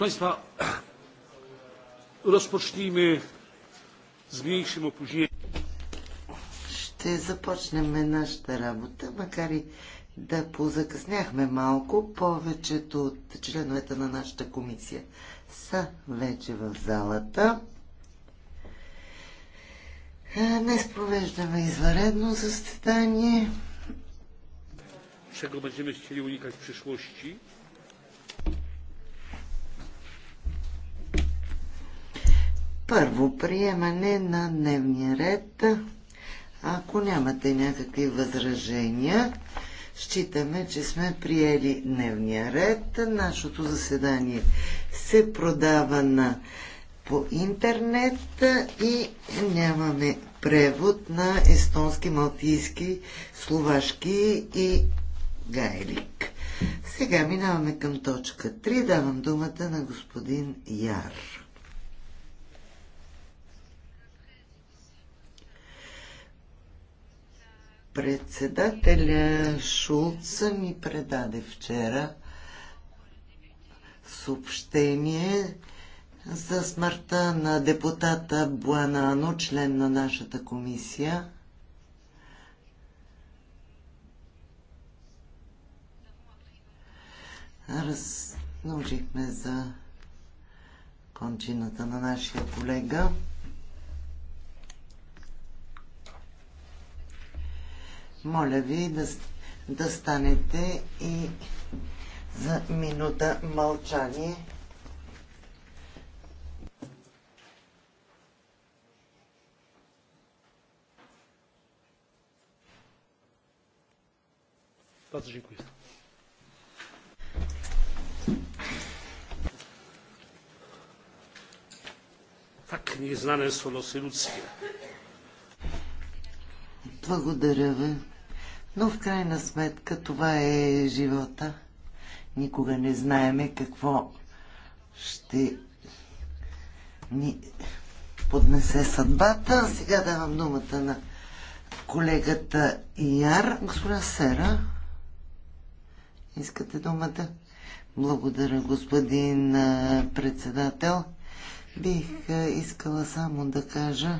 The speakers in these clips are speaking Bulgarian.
Państwa, rozpocznijmy z mniejszym opóźnieniem. Ще започнем нашата работа, макар и да позакъсняхме малко. Повечето от членовете на нашата комисия са вече в залата. Днес провеждаме извънредно заседание. Чего będziemy chcieli unikać в przyszłości? Първо, приемане на дневния ред. Ако нямате някакви възражения, считаме, че сме приели дневния ред. Нашето заседание се продава на по интернет и нямаме превод на естонски, малтийски, словашки и гайлик. Сега минаваме към точка 3. Давам думата на господин Яр. Председателя Шулца ми предаде вчера съобщение за смъртта на депутата Буанано, член на нашата комисия. Раз... Научихме за кончината на нашия колега. Моля ви да, да станете и за минута мълчание. Bardzo dziękuję. Tak nieznane są losy ludzkie. Благодаря ви. Но в крайна сметка това е живота. Никога не знаеме какво ще ни поднесе съдбата. Сега давам думата на колегата Яр. Господа Сера, искате думата? Благодаря, господин председател. Бих искала само да кажа,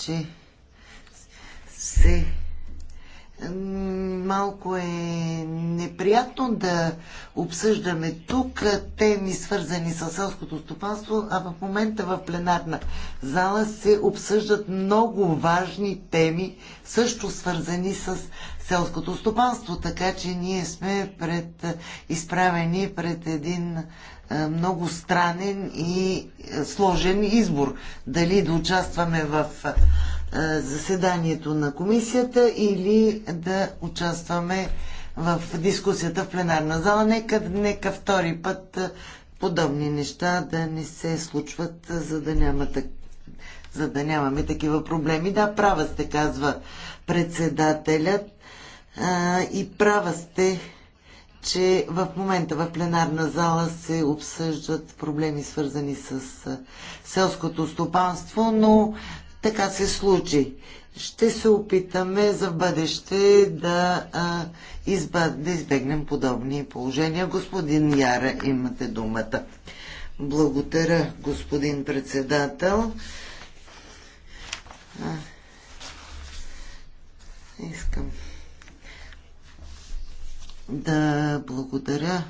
че се малко е неприятно да обсъждаме тук теми свързани с селското стопанство, а в момента в пленарна зала се обсъждат много важни теми, също свързани с селското стопанство, така че ние сме пред, изправени пред един много странен и сложен избор. Дали да участваме в заседанието на комисията или да участваме в дискусията в пленарна зала. Нека, нека втори път подобни неща да не се случват, за да, няма, за да нямаме такива проблеми. Да, права сте, казва председателят. А, и права сте, че в момента в пленарна зала се обсъждат проблеми свързани с селското стопанство, но така се случи. Ще се опитаме за бъдеще да, а, изба, да избегнем подобни положения. Господин Яра, имате думата. Благодаря, господин председател. А, искам да благодаря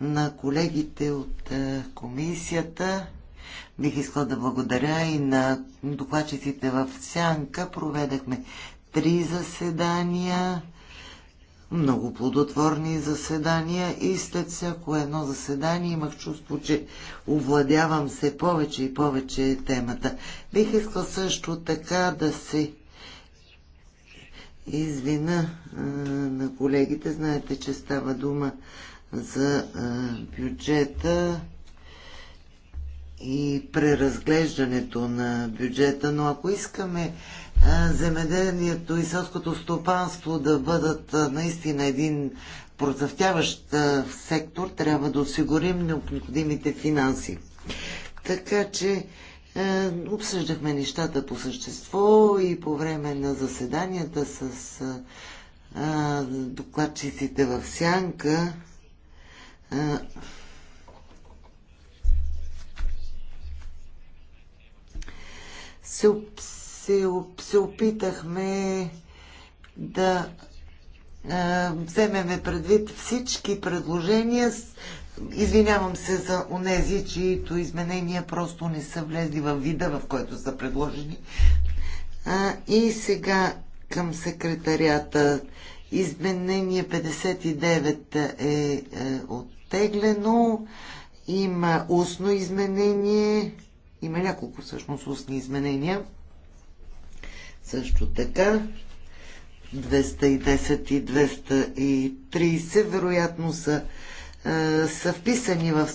на колегите от комисията Бих искала да благодаря и на докладчиците в Сянка. Проведахме три заседания, много плодотворни заседания и след всяко едно заседание имах чувство, че овладявам се повече и повече темата. Бих искал също така да се извина а, на колегите. Знаете, че става дума за а, бюджета и преразглеждането на бюджета, но ако искаме земеделието и селското стопанство да бъдат наистина един процъфтяващ сектор, трябва да осигурим необходимите финанси. Така че обсъждахме нещата по същество и по време на заседанията с докладчиците в Сянка. се, се, се опитахме да а, вземеме предвид всички предложения. Извинявам се за онези, чието изменения просто не са влезли в вида, в който са предложени. А, и сега към секретарията. Изменение 59 е, е оттеглено. Има устно изменение има няколко всъщност устни изменения. Също така 210 и 230 вероятно са, е, са вписани в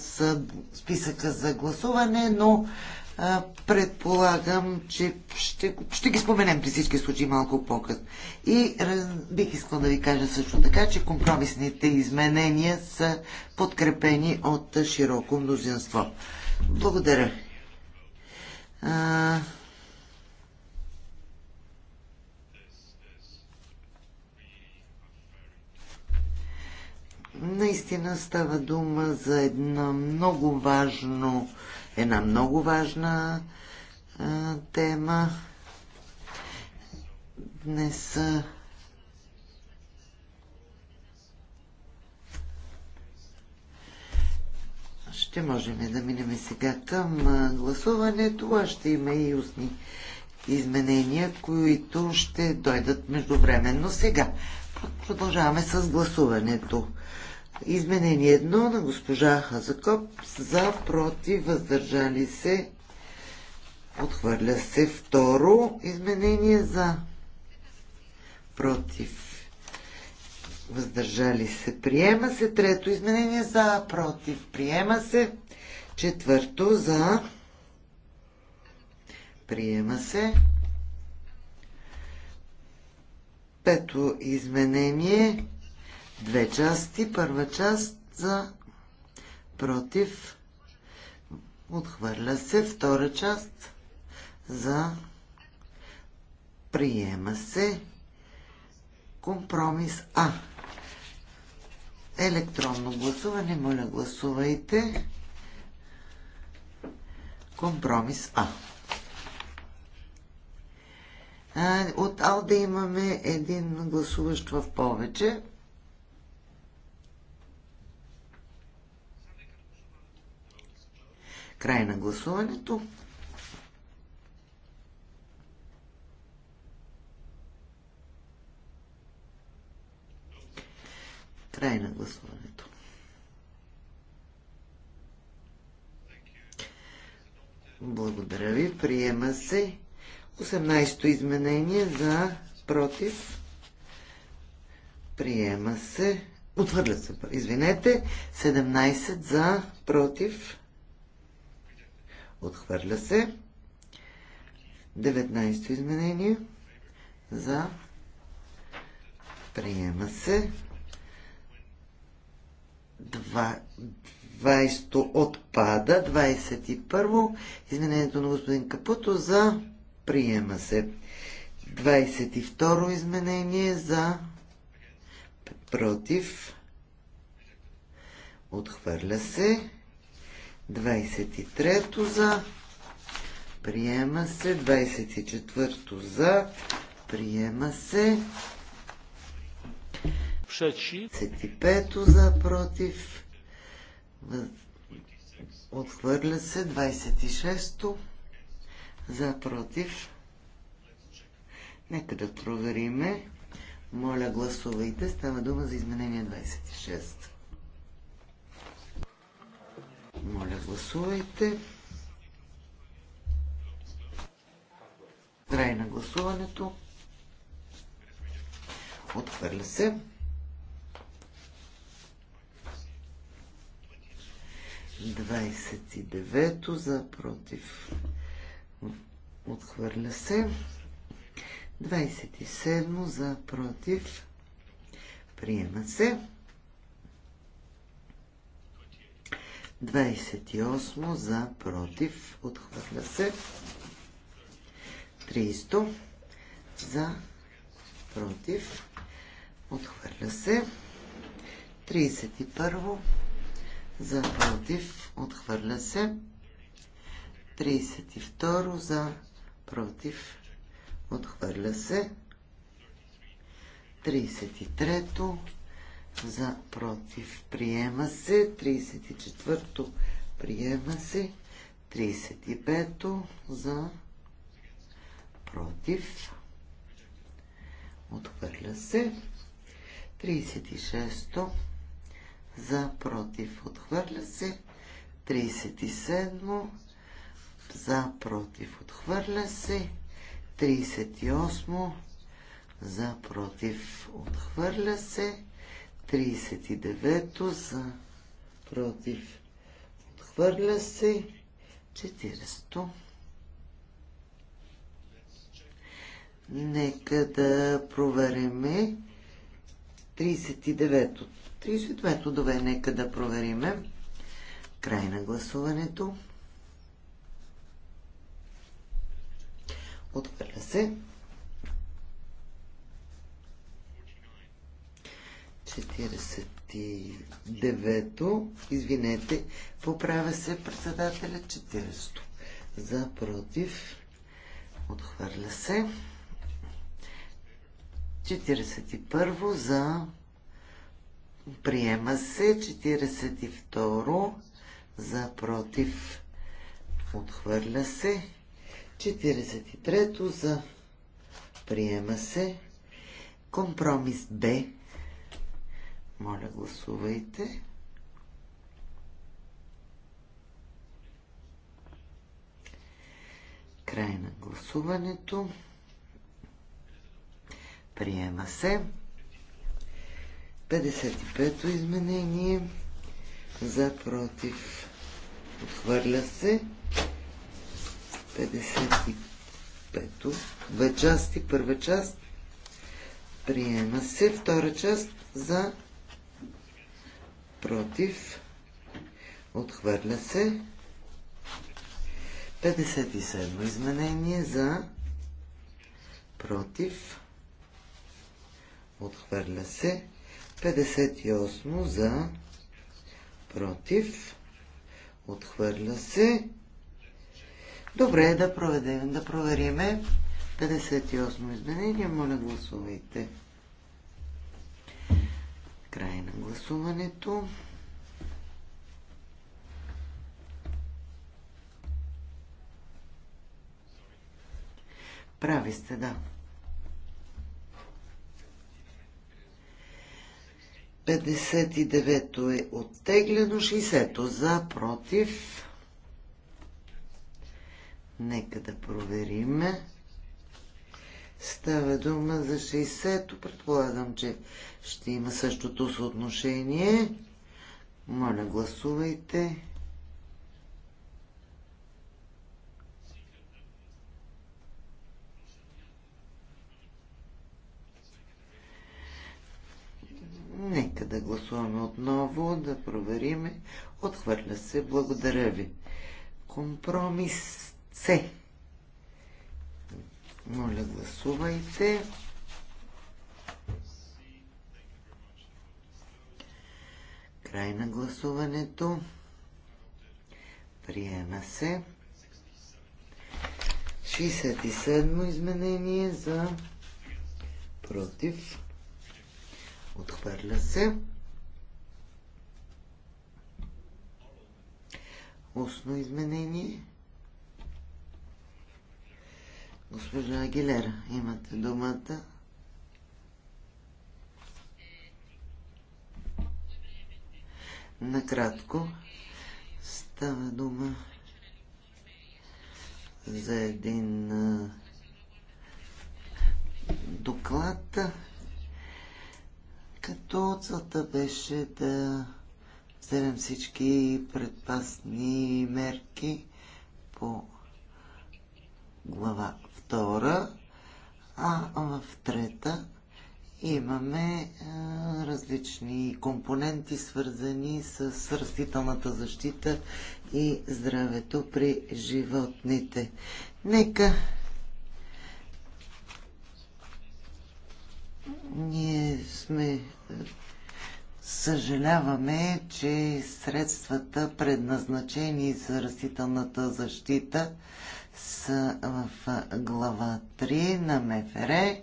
списъка за гласуване, но е, предполагам, че ще, ще ги споменем при всички случаи малко по-късно. И е, бих искал да ви кажа също така, че компромисните изменения са подкрепени от широко мнозинство. Благодаря. А, наистина става дума за едно много важно, една много важна а, тема. Днес а, Ще можем да минем сега към гласуването. А ще има и устни изменения, които ще дойдат междувременно сега. Продължаваме с гласуването. Изменение едно на госпожа Хазакоп за против въздържали се. Отхвърля се второ изменение за против въздържали се, приема се. Трето изменение за, против, приема се. Четвърто за, приема се. Пето изменение, две части, първа част за, против, отхвърля се, втора част за, приема се. Компромис А електронно гласуване. Моля, гласувайте. Компромис А. От Алда имаме един гласуващ в повече. Край на гласуването. Край на гласуването. Благодаря ви. Приема се 18-то изменение за против. Приема се. Отвърля се. Извинете. 17 за против. Отхвърля се. 19-то изменение за приема се. 20 отпада, 21 изменението на господин Капуто за приема се. 22 изменение за против отхвърля се. 23 за приема се. 24 за приема се. Przeciw. 25 за, против. Отхвърля се. 26 за, против. Нека да провериме. Моля, гласувайте. Става дума за изменение 26. Моля, гласувайте. Край на гласуването. Отхвърля се. 29 за против. Отхвърля се. 27 за против. Приема се. 28 за против. Отхвърля се. 300 за против. Отхвърля се. 31 за против, отхвърля се. 32 за против, отхвърля се. 33 за против, приема се. 34 приема се. 35 за против, отхвърля се. 36 за против отхвърля се. 37 за против отхвърля се. 38 за против отхвърля се. 39 за против отхвърля се. 40 Нека да провериме 39-то. 32-то нека да провериме. Край на гласуването. Отхвърля се. 49-то, извинете, поправя се председателя 40-то. За, против, отхвърля се. 41-во за, Приема се 42 за против. Отхвърля се. 43 за приема се. Компромис Б. Моля, гласувайте. Край на гласуването. Приема се. 55-то изменение за против отхвърля се 55-то две части, първа част приема се втора част за против отхвърля се 57 изменение за против отхвърля се 58 за, против, отхвърля се. Добре, да проведем, да провериме. 58 изменение, моля гласувайте. Край на гласуването. Прави сте, да. 59-то е оттеглено, 60-то за, против. Нека да провериме. Става дума за 60-то. Предполагам, че ще има същото съотношение. Моля, гласувайте. да гласуваме отново, да провериме. Отхвърля се. Благодаря ви. Компромис С. Моля, гласувайте. Край на гласуването. Приема се. 67 изменение за против. Отхвърля се. Устно изменение. Госпожа Агилера, имате думата. Накратко става дума за един доклад, като целта беше да вземем всички предпасни мерки по глава 2, а в трета имаме е, различни компоненти, свързани с растителната защита и здравето при животните. Нека Ние сме е, съжаляваме, че средствата предназначени за растителната защита са в е, глава 3 на МФР.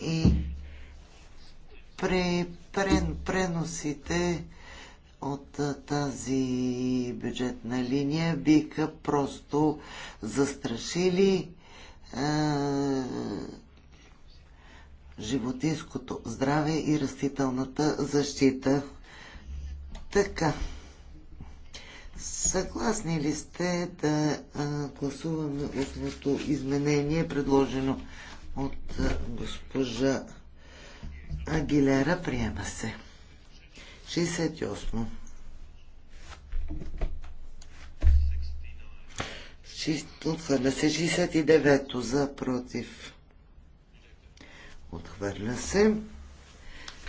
И при преносите от тази бюджетна линия биха просто застрашили е, животинското здраве и растителната защита. Така. Съгласни ли сте да а, гласуваме устното изменение, предложено от госпожа Агилера? Приема се. 68. Отхвърля се 69-то за против. Отхвърля се.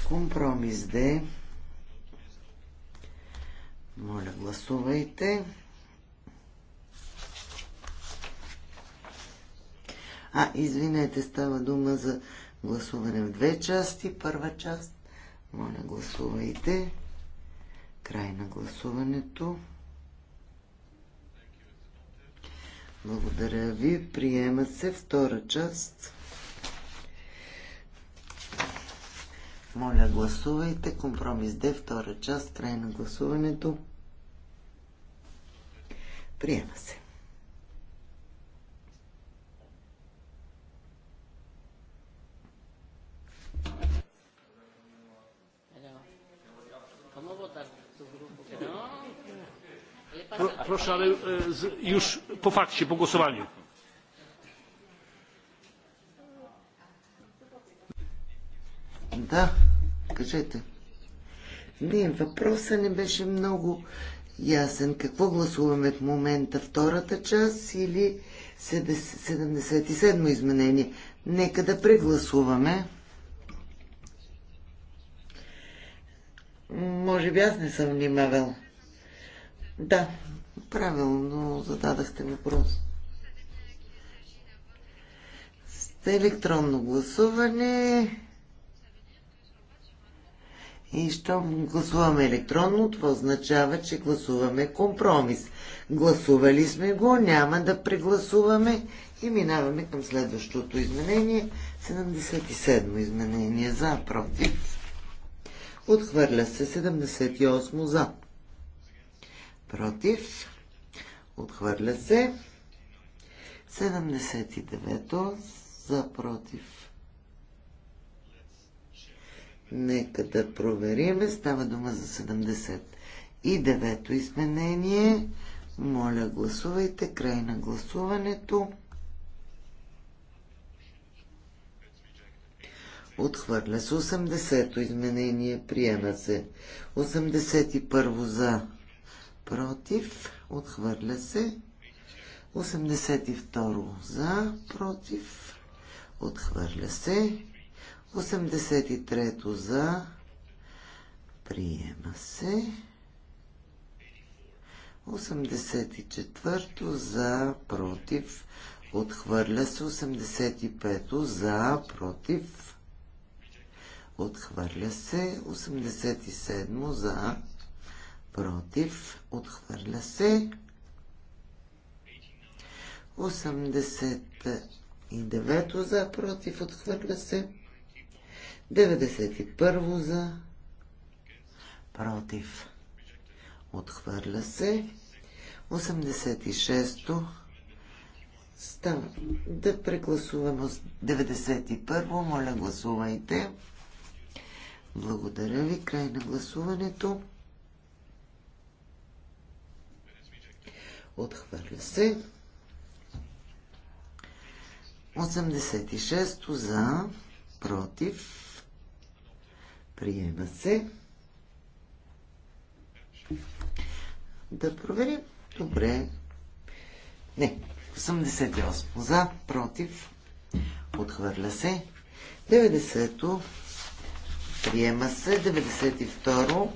Компромис Д. Моля, гласувайте. А, извинете, става дума за гласуване в две части. Първа част моля, гласувайте. Край на гласуването. Благодаря ви. Приема се втора част. Моля, гласувайте. Компромис Д, втора част, край на гласуването. Приема се. proszę, ale e, już po fakcie, po głosowaniu. Да, кажете. Не, въпросът не беше много ясен. Какво гласуваме в момента? Втората част или 77 о изменение? Нека да прегласуваме. Може би аз не съм внимавал. Да, Правилно зададахте въпрос. електронно гласуване. И щом гласуваме електронно, това означава, че гласуваме компромис. Гласували сме го, няма да прегласуваме и минаваме към следващото изменение. 77 изменение за, против. Отхвърля се 78 за. Против. Отхвърля се. 79-то за против. Нека да провериме. Става дума за 70. то изменение. Моля, гласувайте. Край на гласуването. Отхвърля се 80-то изменение. Приема се. 81-во за против, отхвърля се. 82 за, против, отхвърля се. 83 за, приема се. 84 за, против, отхвърля се. 85 за, против, отхвърля се. 87 за, против, отхвърля се. 89 за, против, отхвърля се. 91 за, против, отхвърля се. 86-то става. Да прегласуваме 91-во. Моля, гласувайте. Благодаря ви. Край на гласуването. Отхвърля се. 86 за, против, приема се. Да проверим. Добре. Не. 88 за, против, отхвърля се. 90-то приема се. 92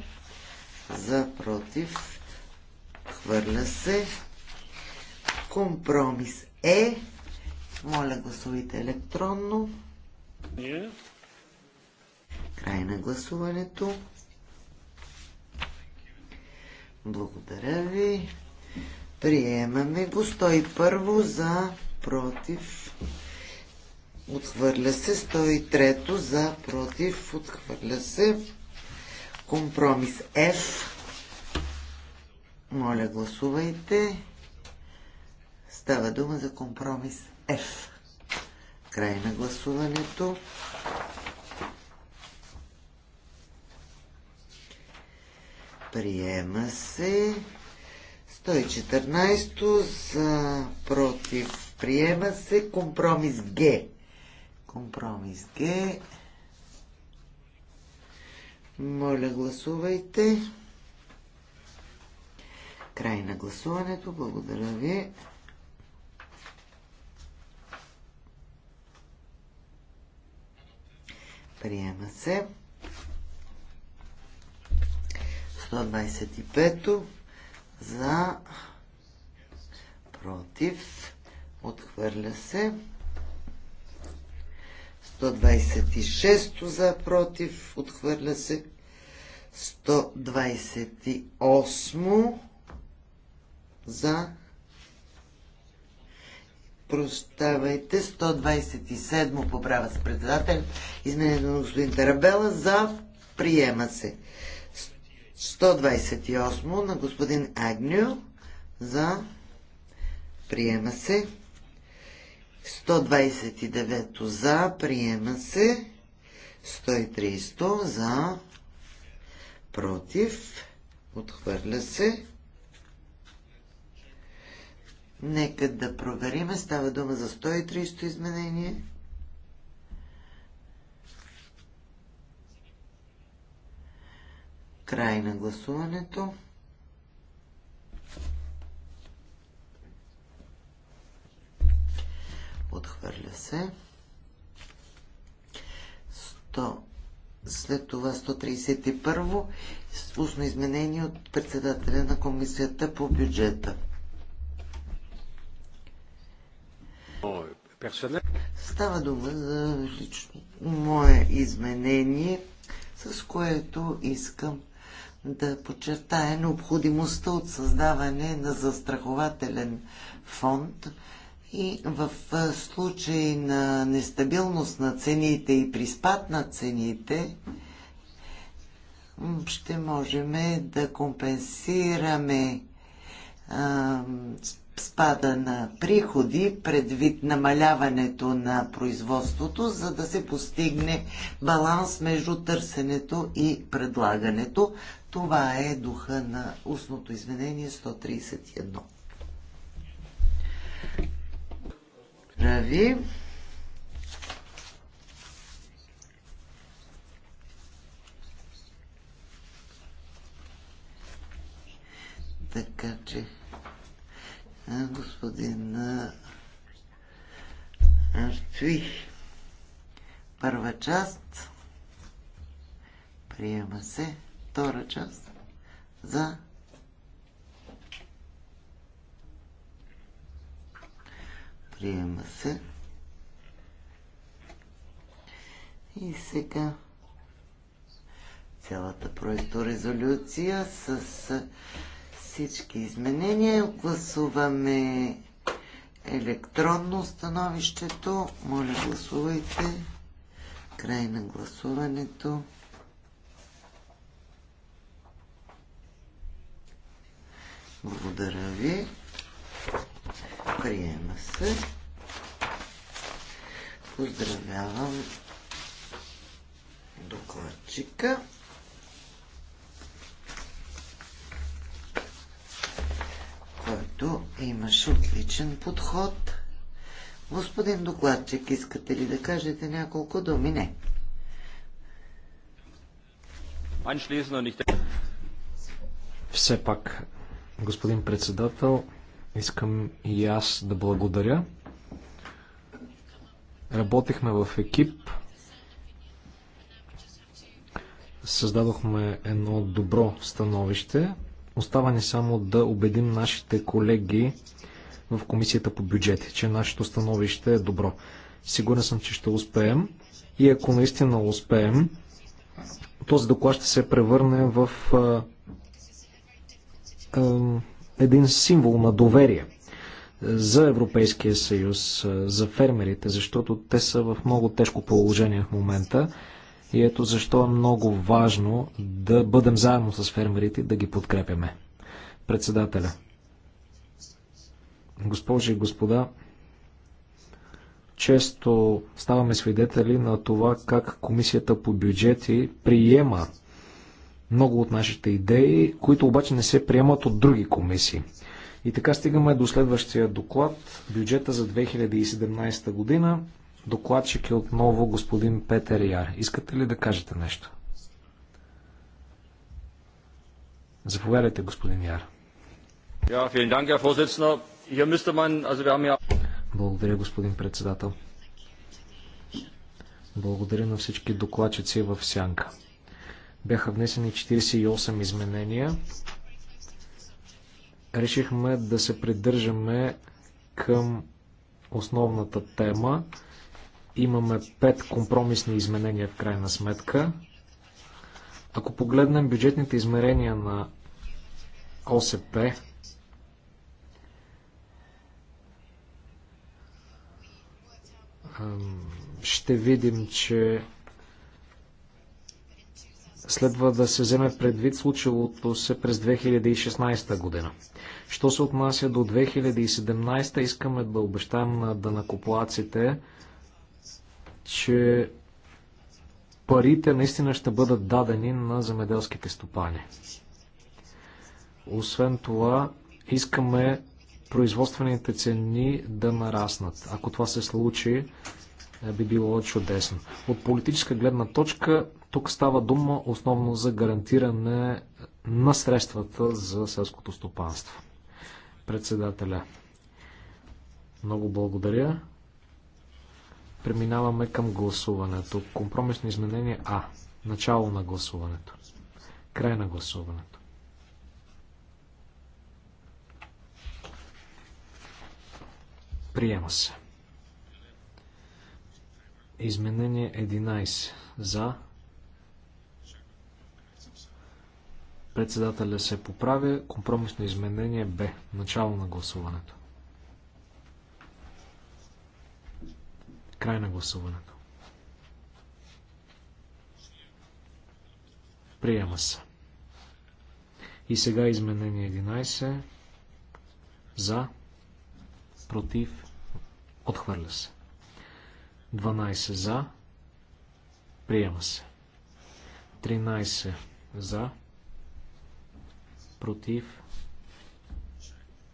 за, против, Отхвърля се. Компромис е. Моля, гласувайте електронно. Край на гласуването. Благодаря ви. Приемаме го 101 за против. Отхвърля се 103 за против. Отхвърля се. Компромис F. Моля, гласувайте. Става дума за компромис F. Край на гласуването. Приема се. 114 за против. Приема се компромис Г. Компромис Г. Моля, гласувайте. Край на гласуването. Благодаря ви. Приема се. 125-то за против. Отхвърля се. 126 за против. Отхвърля се. 128 за Проставайте, 127 поправя се председател. Изменението на господин Тарабела за приема се. 128 на господин Агню за приема се. 129 за приема се. 130 за против. Отхвърля се. Нека да провериме. Става дума за 130 изменение. Край на гласуването. Отхвърля се. 100. След това 131 устно изменение от председателя на комисията по бюджета. Става дума за лично мое изменение, с което искам да подчертая необходимостта от създаване на застрахователен фонд и в случай на нестабилност на цените и при спад на цените ще можем да компенсираме спада на приходи предвид намаляването на производството, за да се постигне баланс между търсенето и предлагането. Това е духа на устното изменение 131. Прави. Така че господин Артвих. Първа част приема се. Втора част за приема се. И сега цялата проекторезолюция с всички изменения. Гласуваме електронно становището. Моля, гласувайте. Край на гласуването. Благодаря ви. Приема се. Поздравявам докладчика. където имаш отличен подход. Господин докладчик, искате ли да кажете няколко думи? Не. Все пак, господин председател, искам и аз да благодаря. Работихме в екип, създадохме едно добро становище. Остава ни само да убедим нашите колеги в комисията по бюджети, че нашето становище е добро. Сигурен съм, че ще успеем и ако наистина успеем, този доклад ще се превърне в а, а, един символ на доверие за Европейския съюз, за фермерите, защото те са в много тежко положение в момента. И ето защо е много важно да бъдем заедно с фермерите да ги подкрепяме. Председателя. Госпожи и господа, често ставаме свидетели на това как Комисията по бюджети приема много от нашите идеи, които обаче не се приемат от други комисии. И така стигаме до следващия доклад, бюджета за 2017 година. Докладчик е отново господин Петър Яр. Искате ли да кажете нещо? Заповядайте, господин Яр. Благодаря, господин председател. Благодаря на всички докладчици в Сянка. Бяха внесени 48 изменения. Решихме да се придържаме към основната тема. Имаме пет компромисни изменения в крайна сметка. Ако погледнем бюджетните измерения на ОСП, ще видим, че следва да се вземе предвид случилото се през 2016 година. Що се отнася до 2017, искаме да обещаем на данакоплаците, че парите наистина ще бъдат дадени на земеделските стопани. Освен това, искаме производствените цени да нараснат. Ако това се случи, е, би било чудесно. От политическа гледна точка, тук става дума основно за гарантиране на средствата за селското стопанство. Председателя. Много благодаря. Преминаваме към гласуването. Компромисно изменение А. Начало на гласуването. Край на гласуването. Приема се. Изменение 11. За. Председателя се поправя. Компромисно изменение Б. Начало на гласуването. Край на гласуването. Приема се. И сега изменение 11. За. Против. Отхвърля се. 12 за. Приема се. 13 за. Против.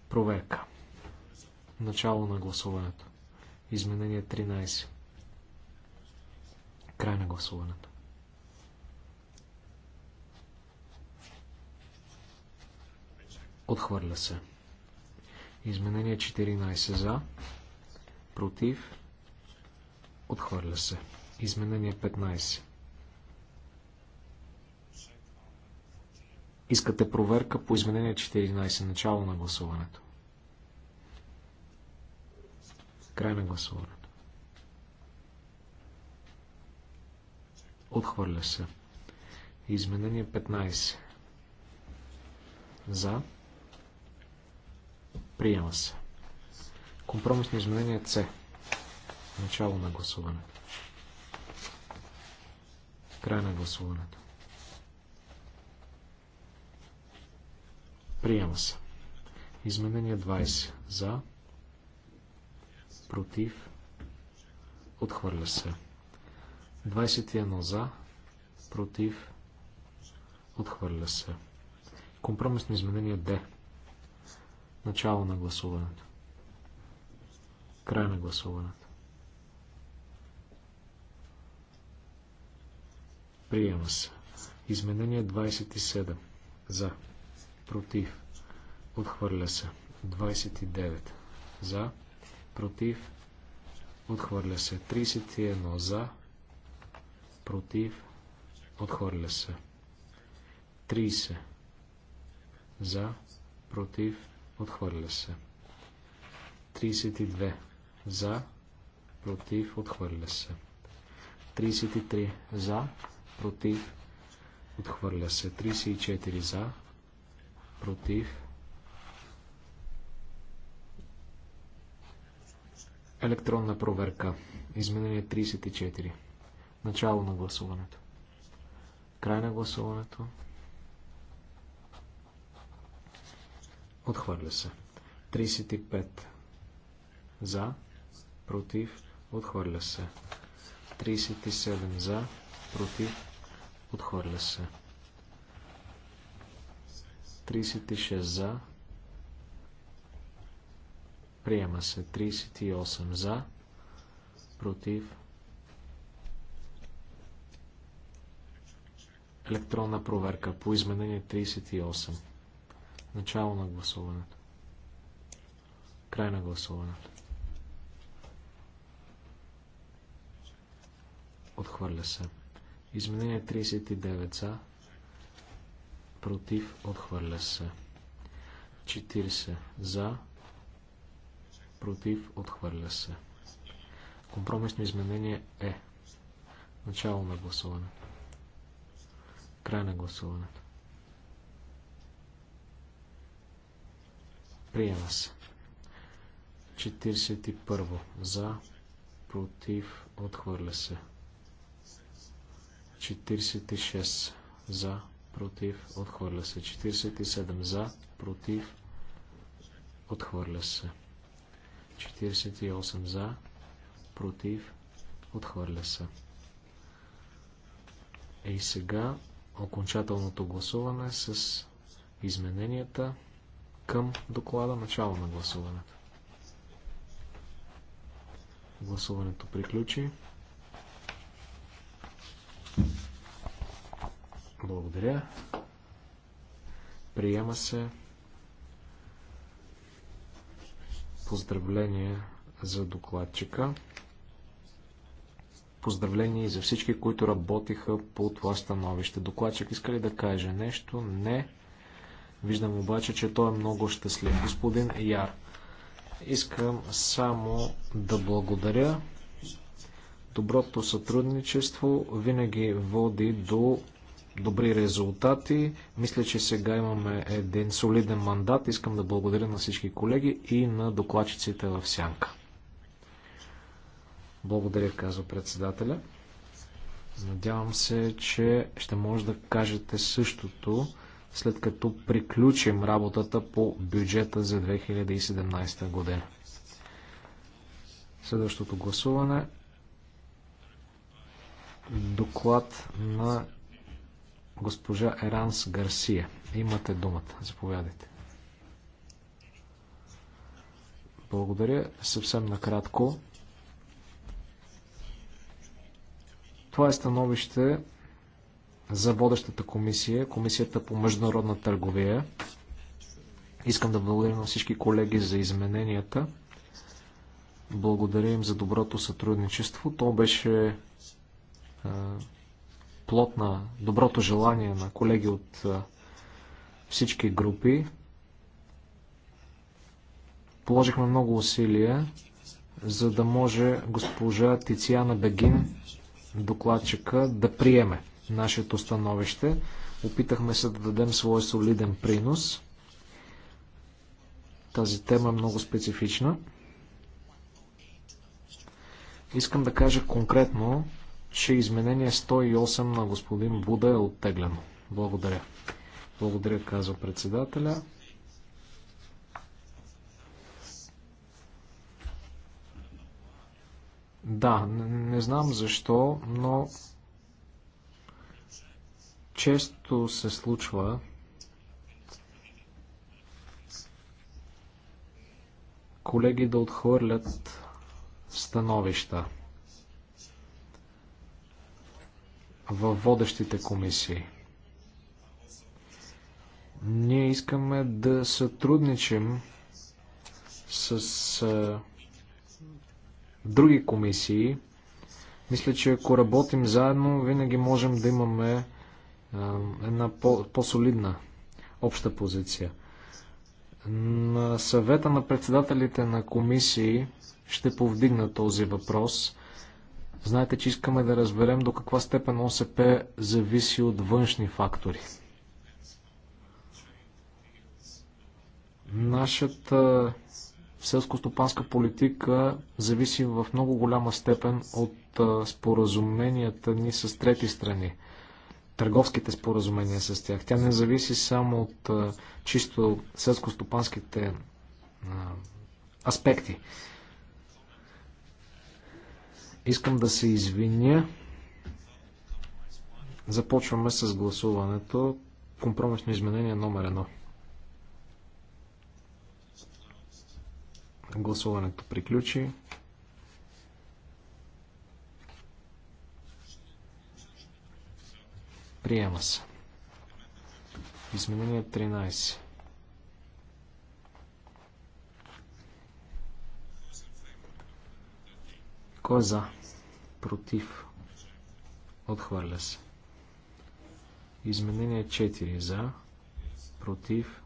Проверка. Начало на гласуването. Изменение 13. Край на гласуването. Отхвърля се. Изменение 14 за. Против. Отхвърля се. Изменение 15. Искате проверка по изменение 14. Начало на гласуването. Край на гласуването. Отхвърля се. Изменение 15. За. Приема се. Компромисно изменение С. Начало на гласуването. Край на гласуването. Приема се. Изменение 20. За против, отхвърля се. 21 за, против, отхвърля се. Компромисно изменение Д. Начало на гласуването. Край на гласуването. Приема се. Изменение 27. За. Против. Отхвърля се. 29. За против, отхвърля се. 31 за, против, отхвърля се. 30 за, против, отхвърля се. 32 за, против, отхвърля се. 33 за, против, отхвърля се. 34 за, против, Електронна проверка. Изменение 34. Начало на гласуването. Край на гласуването. Отхвърля се. 35. За. Против. Отхвърля се. 37. За. Против. Отхвърля се. 36. За. Приема се 38 за, против. Електронна проверка по изменение 38. Начало на гласуването. Край на гласуването. Отхвърля се. Изменение 39 за, против. Отхвърля се. 40 за, против, отхвърля се. Компромисно изменение е. Начало на гласуване. Край на гласуването. Приема се. 41. За, против, отхвърля се. 46. За, против, отхвърля се. 47. За, против, отхвърля се. 48 за, против, отхвърля се. И сега окончателното гласуване с измененията към доклада начало на гласуването. Гласуването приключи. Благодаря. Приема се Поздравление за докладчика. Поздравление и за всички, които работиха по това становище. Докладчик иска ли да каже нещо? Не. Виждам обаче, че той е много щастлив. Господин Яр, искам само да благодаря. Доброто сътрудничество винаги води до добри резултати. Мисля, че сега имаме един солиден мандат. Искам да благодаря на всички колеги и на докладчиците в Сянка. Благодаря, казва председателя. Надявам се, че ще може да кажете същото, след като приключим работата по бюджета за 2017 година. Следващото гласуване доклад на Госпожа Еранс Гарсия, имате думата. Заповядайте. Благодаря. Съвсем накратко. Това е становище за водещата комисия, Комисията по международна търговия. Искам да благодаря на всички колеги за измененията. Благодаря им за доброто сътрудничество. То беше плод на доброто желание на колеги от всички групи. Положихме много усилия, за да може госпожа Тициана Бегин, докладчика, да приеме нашето становище. Опитахме се да дадем своя солиден принос. Тази тема е много специфична. Искам да кажа конкретно че изменение 108 на господин Буда е оттеглено. Благодаря. Благодаря, казва председателя. Да, не, не знам защо, но често се случва колеги да отхвърлят становища. във водещите комисии. Ние искаме да сътрудничим с а, други комисии. Мисля, че ако работим заедно, винаги можем да имаме а, една по- по-солидна обща позиция. На съвета на председателите на комисии ще повдигна този въпрос. Знаете, че искаме да разберем до каква степен ОСП зависи от външни фактори. Нашата селско-стопанска политика зависи в много голяма степен от споразуменията ни с трети страни. Търговските споразумения с тях. Тя не зависи само от чисто селско-стопанските аспекти Искам да се извиня. Започваме с гласуването. Компромисно изменение номер едно. Гласуването приключи. Приема се. Изменение 13. Кой е за? Против. Отхвърля се. Изменение 4 за. Против.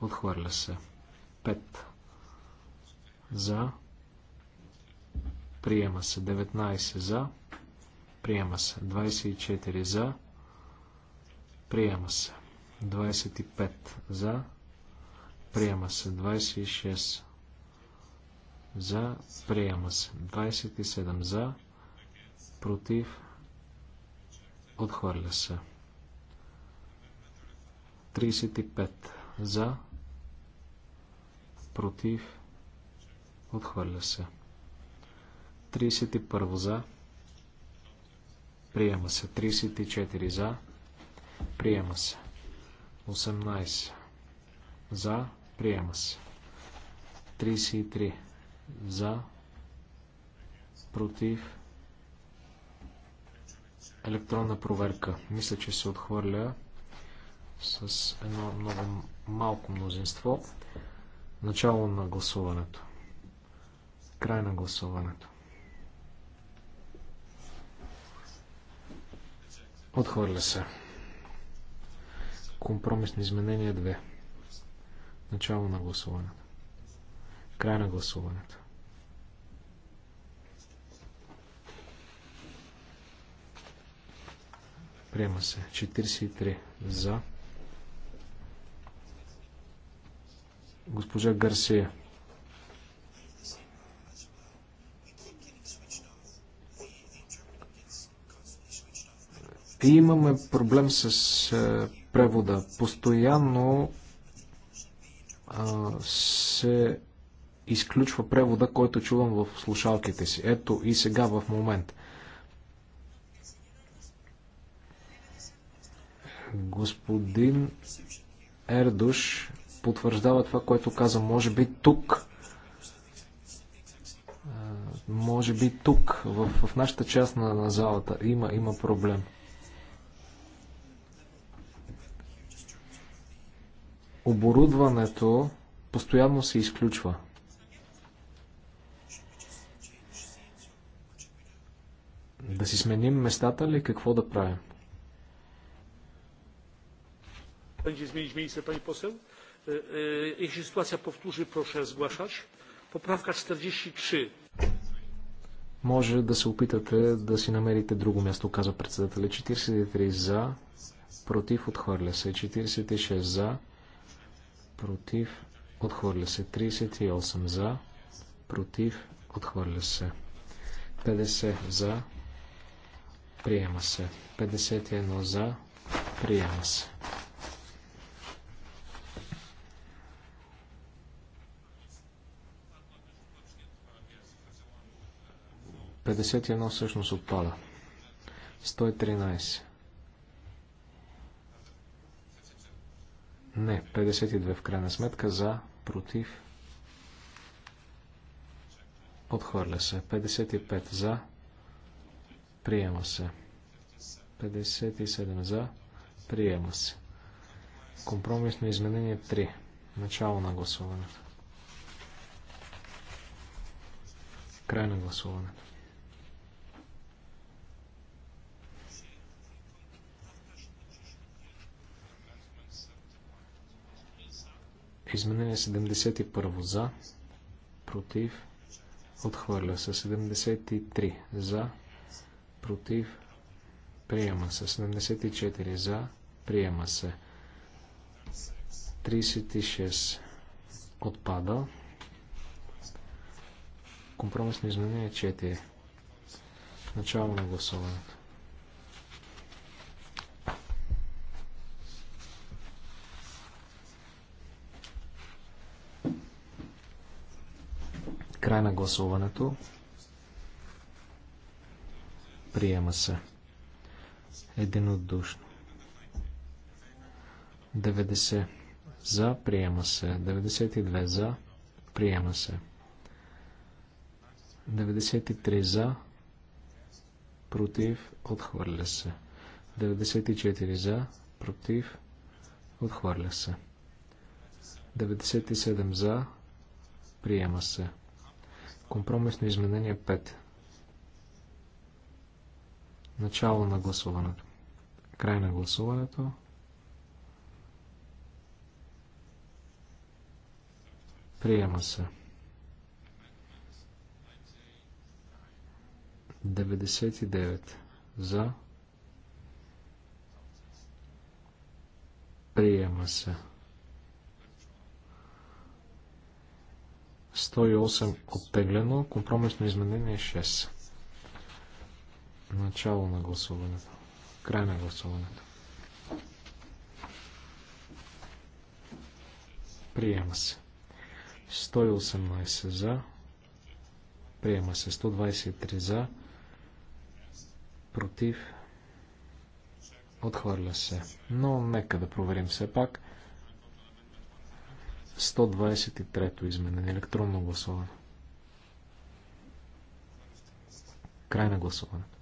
Отхвърля се. 5 за. Приема се. 19 за. Приема се. 24 за. Приема се. 25 за. Приема се. 26 за, приема се. 27 за, против, отхвърля се. 35 за, против, отхвърля се. 31 за, приема се. 34 за, приема се. 18 за, приема се. 33 за, против, електронна проверка. Мисля, че се отхвърля с едно много малко мнозинство. Начало на гласуването. Край на гласуването. Отхвърля се. Компромисни изменения 2. Начало на гласуването. Край на гласуването. Приема се. 43 за. Госпожа Гарсия. И имаме проблем с е, превода. Постоянно се изключва превода, който чувам в слушалките си. Ето и сега в момент. Господин Ердуш потвърждава това, което каза. Може би тук може би тук, в, в нашата част на, на залата, има, има проблем. Оборудването постоянно се изключва. Да си сменим местата ли? Какво да правим? Będzie zmienić miejsce pani poseł. E, e, jeśli sytuacja powtórzy, proszę zgłaszać. Поправка 43. Може да се опитате да си намерите друго място, казва председателя. 43 за, против, отхвърля се. 46 за, против, отхвърля се. 38 за, против, отхвърля се. 50 за, Приема се. 51 за. Приема се. Петдесет едно всъщност отпада. 113. Не, 52 в крайна сметка за, против. Отхвърля се. 55 за, Приема се. 57 за. Приема се. Компромисно изменение 3. Начало на гласуването. Край на гласуването. Изменение 71 за, против, отхвърля се 73 за, против, приема се. 74 за, приема се. 36 отпада. Компромисно изменение 4. Начало на гласуването. Край на гласуването. Приема се. Единодушно. 90 за. Приема се. 92 за. Приема се. 93 за. Против. Отхвърля се. 94 за. Против. Отхвърля се. 97 за. Приема се. Компромисно изменение 5. Начало на гласуването. Край на гласуването. Приема се. 99 за. Приема се. 108 оттеглено. Компромисно изменение 6. Начало на гласуването. Край на гласуването. Приема се. 118 за. Приема се. 123 за. Против. Отхвърля се. Но нека да проверим все пак. 123-то изменение. Електронно гласуване. Край на гласуването.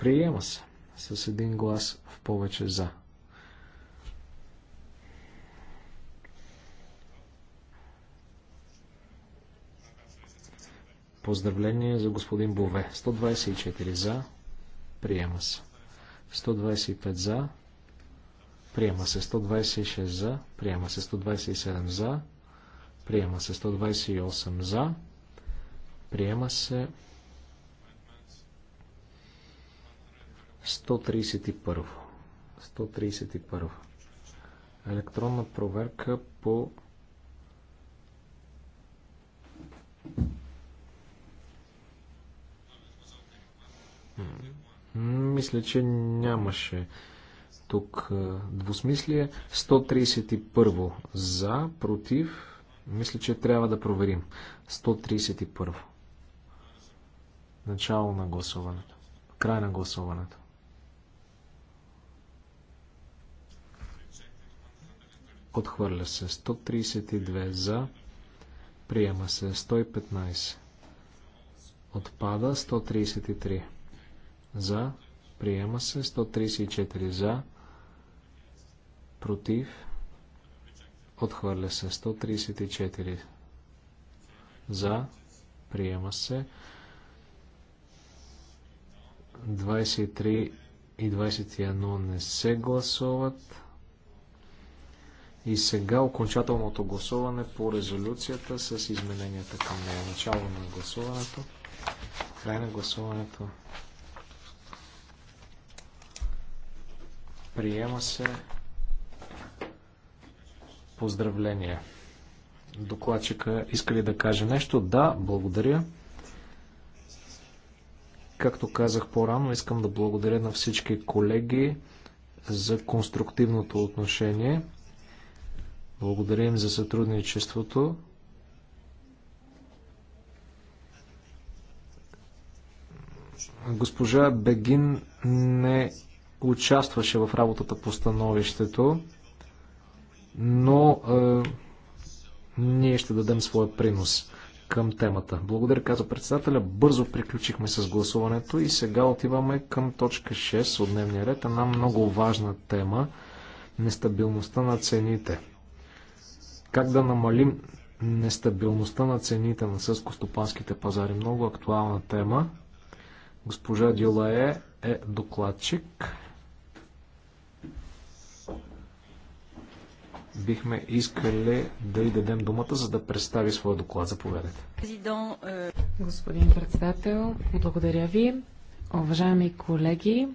Приема се с един глас в повече за. Поздравление за господин Бове. 124 за. Приема се. 125 за. Приема се. 126 за. Приема се. 127 за. Приема се. 128 за. Приема се. 131. 131. Електронна проверка по Мисля, че нямаше тук двусмислие. 131 за, против. Мисля, че трябва да проверим. 131. Начало на гласуването. Край на гласуването. Отхвърля се. 132 за. Приема се. 115. Отпада. 133 за. Приема се. 134 за. Против. Отхвърля се. 134 за. Приема се. 23 и 21 не се гласуват. И сега окончателното гласуване по резолюцията с измененията към нея. Начало на гласуването. Край на гласуването. Приема се поздравления. Докладчика иска ли да каже нещо? Да, благодаря. Както казах по-рано, искам да благодаря на всички колеги за конструктивното отношение. Благодарим за сътрудничеството. Госпожа Бегин не участваше в работата по становището, но е, ние ще дадем своя принос към темата. Благодаря, каза председателя. Бързо приключихме с гласуването и сега отиваме към точка 6 от дневния ред. Една много важна тема – нестабилността на цените. Как да намалим нестабилността на цените на сълскостопанските пазари? Много актуална тема. Госпожа Дилае е докладчик. бихме искали да й дадем думата, за да представи своя доклад. Заповядайте. Е- Господин председател, благодаря ви. Уважаеми колеги,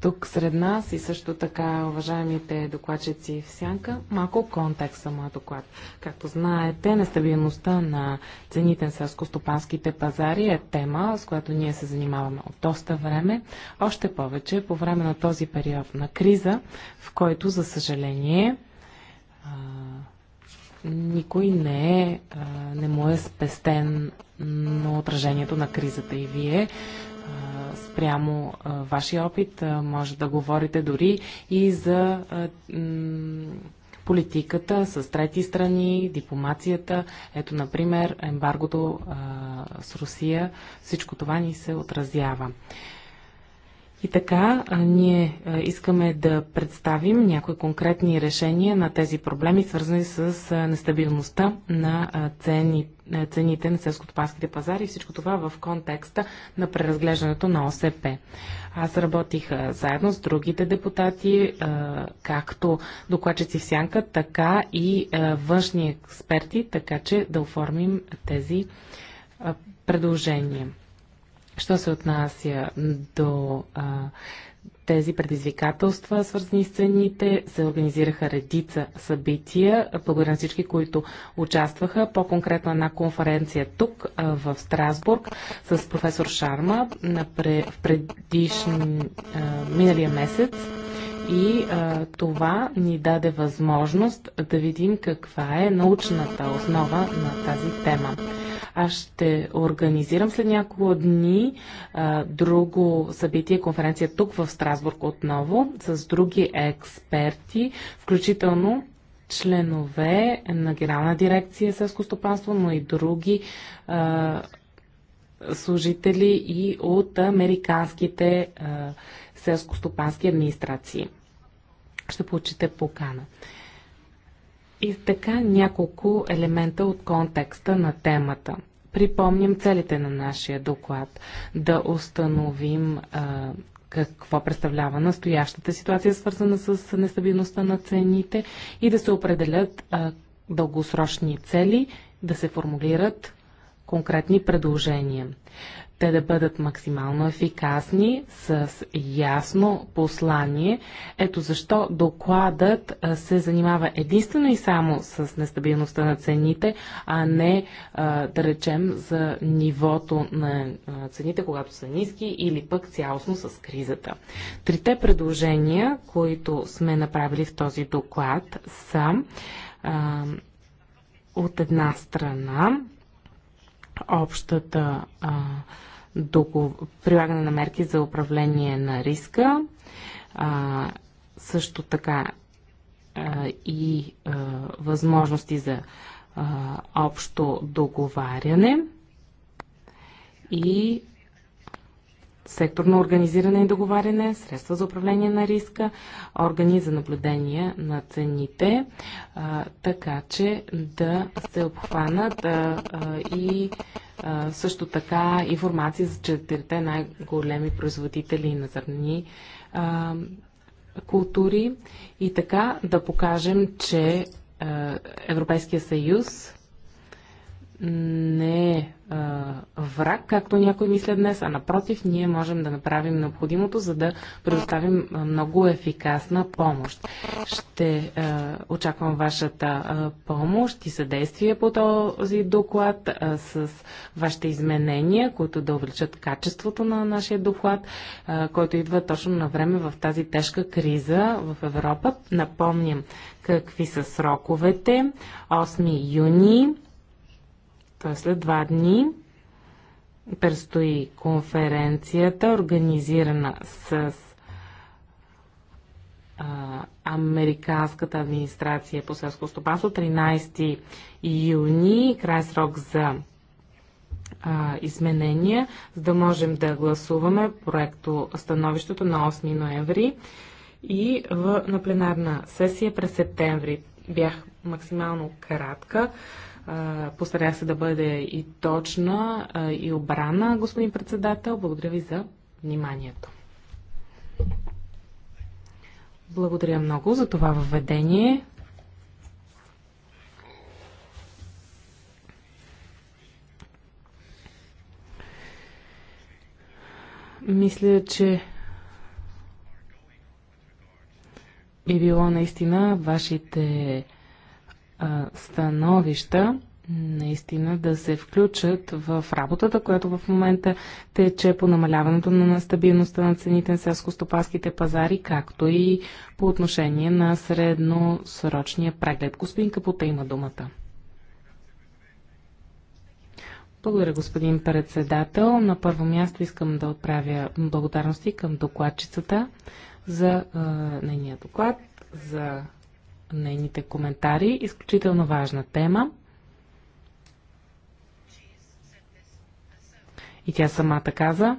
тук сред нас и също така уважаемите докладчици в Сянка. Малко контекст на моят доклад. Както знаете, нестабилността на цените на селско-стопанските пазари е тема, с която ние се занимаваме от доста време. Още повече по време на този период на криза, в който, за съжаление, никой не, е, не му е спестен на отражението на кризата. И вие спрямо вашия опит. Може да говорите дори и за политиката с трети страни, дипломацията, ето, например, ембаргото а, с Русия, всичко това ни се отразява. И така, ние искаме да представим някои конкретни решения на тези проблеми, свързани с нестабилността на цени, цените на селскотопанските пазари и всичко това в контекста на преразглеждането на ОСП. Аз работих заедно с другите депутати, както докладчици в сянка, така и външни експерти, така че да оформим тези предложения. Що се отнася до а, тези предизвикателства, свързани с цените, се организираха редица събития. Благодаря на всички, които участваха. По-конкретно една конференция тук в Страсбург с професор Шарма в предишни, миналия месец. И а, това ни даде възможност да видим каква е научната основа на тази тема. Аз ще организирам след няколко дни а, друго събитие, конференция тук в Страсбург отново, с други експерти, включително членове на Генерална дирекция селско стопанство, но и други а, служители и от американските а, селско-стопански администрации. Ще получите покана. И така няколко елемента от контекста на темата. Припомням целите на нашия доклад да установим а, какво представлява настоящата ситуация, свързана с нестабилността на цените и да се определят а, дългосрочни цели, да се формулират конкретни предложения те да бъдат максимално ефикасни, с ясно послание. Ето защо докладът се занимава единствено и само с нестабилността на цените, а не да речем за нивото на цените, когато са ниски или пък цялостно с кризата. Трите предложения, които сме направили в този доклад са от една страна общата а, прилагане на мерки за управление на риска. А, също така а, и а, възможности за а, общо договаряне и секторно организиране и договаряне, средства за управление на риска, органи за наблюдение на цените, а, така че да се обхванат а, и а, също така информация за четирите най-големи производители на а, култури и така да покажем, че Европейския съюз не е враг, както някой мисля днес, а напротив, ние можем да направим необходимото, за да предоставим много ефикасна помощ. Ще а, очаквам вашата а, помощ и съдействие по този доклад а, с вашите изменения, които да увеличат качеството на нашия доклад, а, който идва точно на време в тази тежка криза в Европа. Напомням какви са сроковете. 8 юни Тоест след два дни предстои конференцията, организирана с а, Американската администрация по селско стопанство 13 юни, край срок за а, изменения, за да можем да гласуваме проекто становището на 8 ноември и в, на пленарна сесия през септември. Бях максимално кратка. Постарях се да бъде и точна и обрана, господин председател. Благодаря ви за вниманието. Благодаря много за това въведение. Мисля, че би било наистина вашите становища наистина да се включат в работата, която в момента тече по намаляването на стабилността на цените на селско-стопанските пазари, както и по отношение на средносрочния преглед. Господин Капута има думата. Благодаря, господин председател. На първо място искам да отправя благодарности към докладчицата за е, нейния доклад, за нейните коментари. Изключително важна тема. И тя самата каза,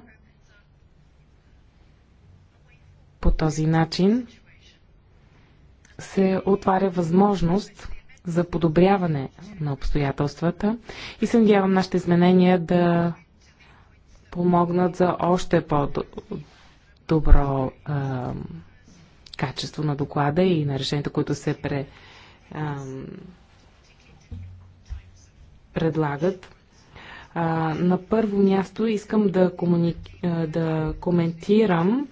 по този начин се отваря възможност за подобряване на обстоятелствата и се надявам нашите изменения да помогнат за още по-добро качество на доклада и на решенията, които се пре, ам, предлагат. А, на първо място искам да, комуни... да коментирам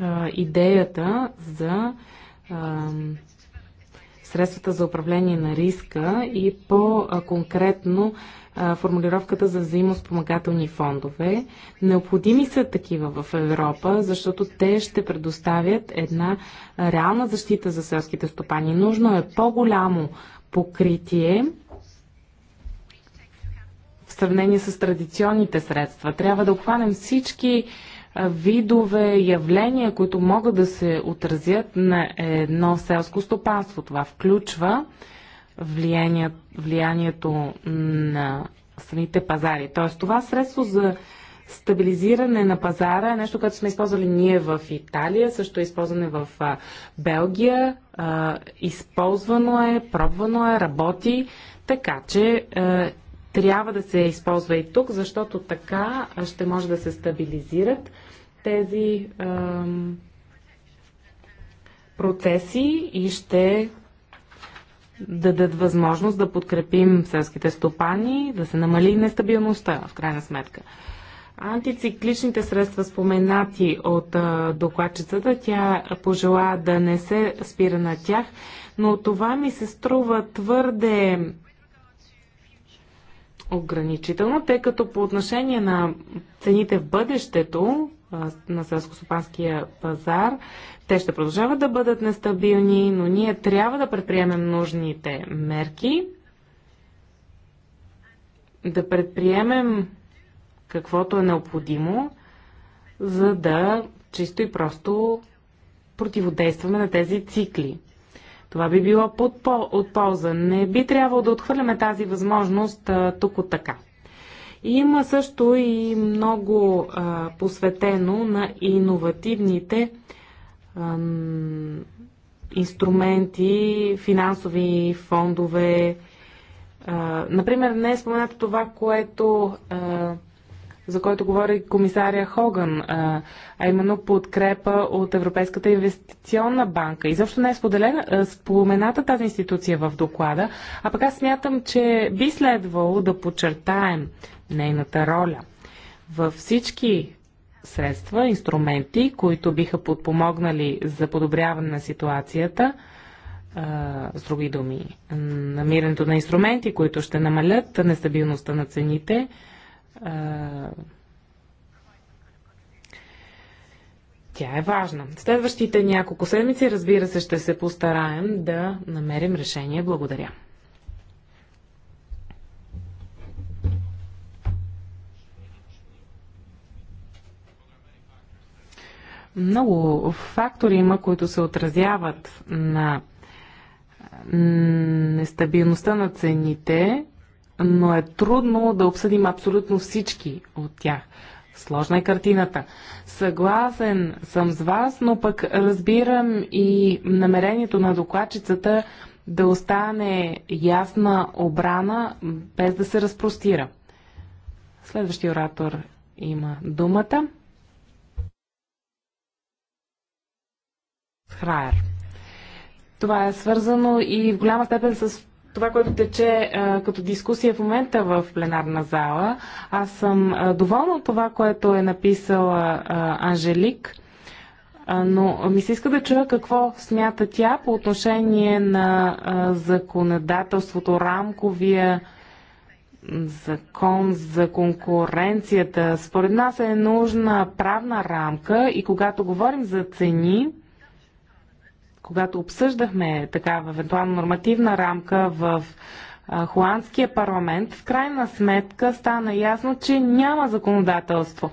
а, идеята за а, средствата за управление на риска и по-конкретно формулировката за взаимоспомагателни фондове. Необходими са такива в Европа, защото те ще предоставят една реална защита за селските стопани. Нужно е по-голямо покритие в сравнение с традиционните средства. Трябва да обхванем всички видове явления, които могат да се отразят на едно селско стопанство. Това включва влияние, влиянието на страните пазари. Тоест това средство за стабилизиране на пазара е нещо, което сме използвали ние в Италия, също е използване в Белгия, използвано е, пробвано е, работи, така че трябва да се използва и тук, защото така ще може да се стабилизират тези процеси и ще дадат възможност да подкрепим селските стопани, да се намали нестабилността, в крайна сметка. Антицикличните средства, споменати от докладчицата, тя пожела да не се спира на тях, но това ми се струва твърде ограничително, тъй като по отношение на цените в бъдещето на селско-сопанския пазар, те ще продължават да бъдат нестабилни, но ние трябва да предприемем нужните мерки, да предприемем каквото е необходимо, за да чисто и просто противодействаме на тези цикли. Това би било под, от полза. Не би трябвало да отхвърляме тази възможност тук от така. Има също и много а, посветено на иновативните инструменти, финансови фондове. А, например, не е споменато това, което, а, за което говори комисаря Хоган, а, а именно подкрепа от Европейската инвестиционна банка. И защо не е споделена, спомената тази институция в доклада, а пък аз смятам, че би следвало да подчертаем нейната роля. Във всички средства, инструменти, които биха подпомогнали за подобряване на ситуацията. С други думи, намирането на инструменти, които ще намалят нестабилността на цените. Тя е важна. Следващите няколко седмици, разбира се, ще се постараем да намерим решение. Благодаря. Много фактори има, които се отразяват на нестабилността на цените, но е трудно да обсъдим абсолютно всички от тях. Сложна е картината. Съгласен съм с вас, но пък разбирам и намерението на докладчицата да остане ясна обрана, без да се разпростира. Следващия оратор има думата. Храер. Това е свързано и в голяма степен с това, което тече а, като дискусия в момента в пленарна зала. Аз съм а, доволна от това, което е написала а, Анжелик, а, но ми се иска да чуя какво смята тя по отношение на а, законодателството, рамковия закон за конкуренцията. Според нас е нужна правна рамка и когато говорим за цени, когато обсъждахме такава евентуална нормативна рамка в Холандския парламент, в крайна сметка стана ясно, че няма законодателство.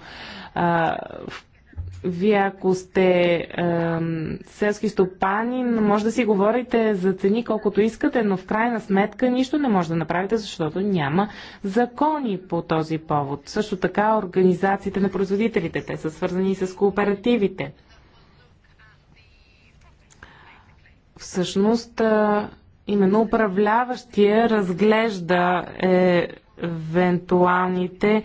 Вие ако сте е, селски стопани, може да си говорите за цени колкото искате, но в крайна сметка нищо не може да направите, защото няма закони по този повод. Също така организациите на производителите, те са свързани с кооперативите. всъщност именно управляващия разглежда е, евентуалните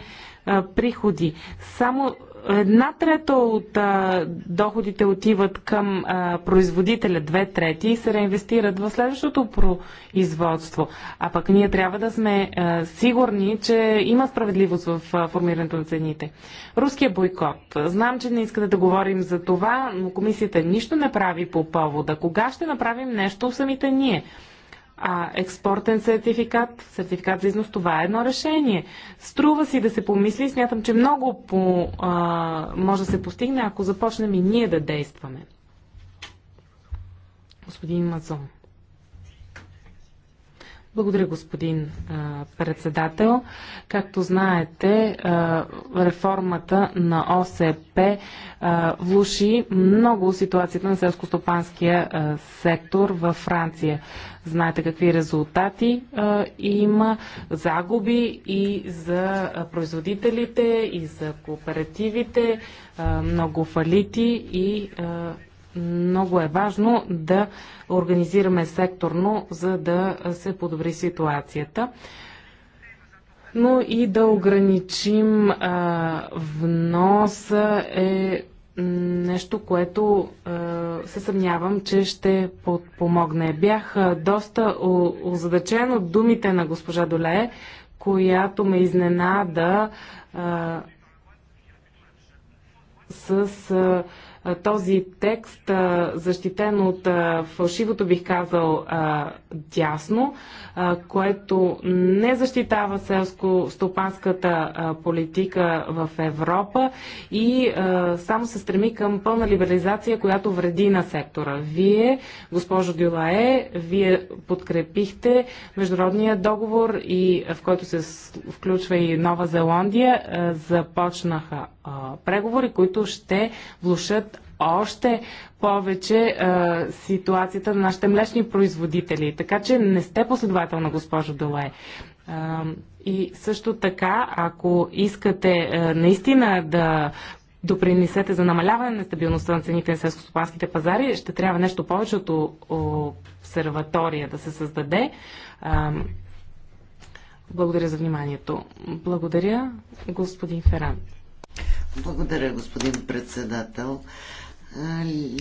приходи. Само една трета от а, доходите отиват към а, производителя, две трети и се реинвестират в следващото производство. А пък ние трябва да сме а, сигурни, че има справедливост в а, формирането на цените. Руския бойкот. Знам, че не искате да говорим за това, но комисията нищо не прави по повода. Кога ще направим нещо самите ние? а, експортен сертификат, сертификат за износ, това е едно решение. Струва си да се помисли и смятам, че много по, а, може да се постигне, ако започнем и ние да действаме. Господин Мазон. Благодаря, господин председател. Както знаете, реформата на ОСП влуши много ситуацията на селскостопанския сектор във Франция. Знаете какви резултати има, загуби и за производителите, и за кооперативите, много фалити и много е важно да организираме секторно, за да се подобри ситуацията но и да ограничим а, вноса е нещо, което а, се съмнявам, че ще подпомогне. Бях а, доста озадачен от думите на госпожа Доле, която ме изненада а, с. А, този текст, защитен от фалшивото, бих казал, дясно, което не защитава селско-стопанската политика в Европа и само се стреми към пълна либерализация, която вреди на сектора. Вие, госпожо Дюлае, вие подкрепихте международния договор, и, в който се включва и Нова Зеландия. Започнаха преговори, които ще влушат още повече а, е, ситуацията на нашите млечни производители. Така че не сте последователна, госпожо Долай. Е, и също така, ако искате а, е, наистина да допринесете за намаляване на стабилността на цените на селскостопанските пазари, ще трябва нещо повече от обсерватория да се създаде. А, благодаря за вниманието. Благодаря, господин Феран. Благодаря, господин председател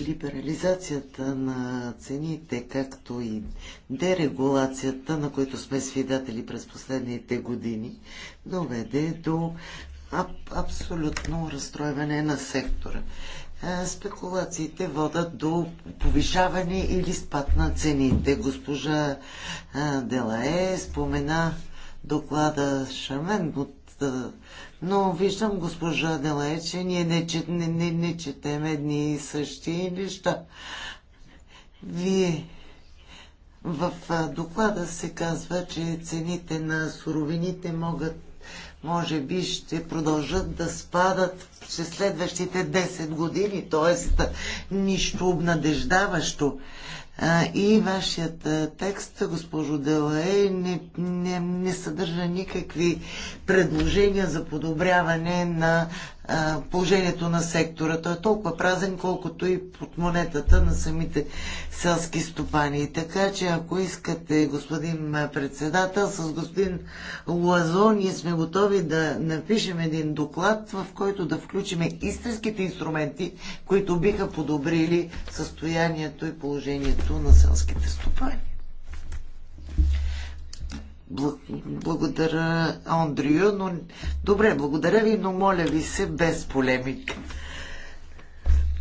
либерализацията на цените, както и дерегулацията, на които сме свидатели през последните години, доведе до аб- абсолютно разстройване на сектора. Спекулациите водат до повишаване или спад на цените. Госпожа Делае спомена доклада Шамен от но виждам, госпожа Делай, че ние не, не, не, не четем едни и същи неща. Вие в доклада се казва, че цените на суровините могат, може би, ще продължат да спадат през следващите 10 години, т.е. нищо обнадеждаващо. А, и вашият текст, госпожо Делае, не, не, не съдържа никакви предложения за подобряване на положението на сектора. Той е толкова празен, колкото и под монетата на самите селски стопани. Така че, ако искате, господин председател, с господин Луазо, ние сме готови да напишем един доклад, в който да включим истинските инструменти, които биха подобрили състоянието и положението на селските стопани. Благодаря, Андрю, но добре, благодаря ви, но моля ви се без полемик.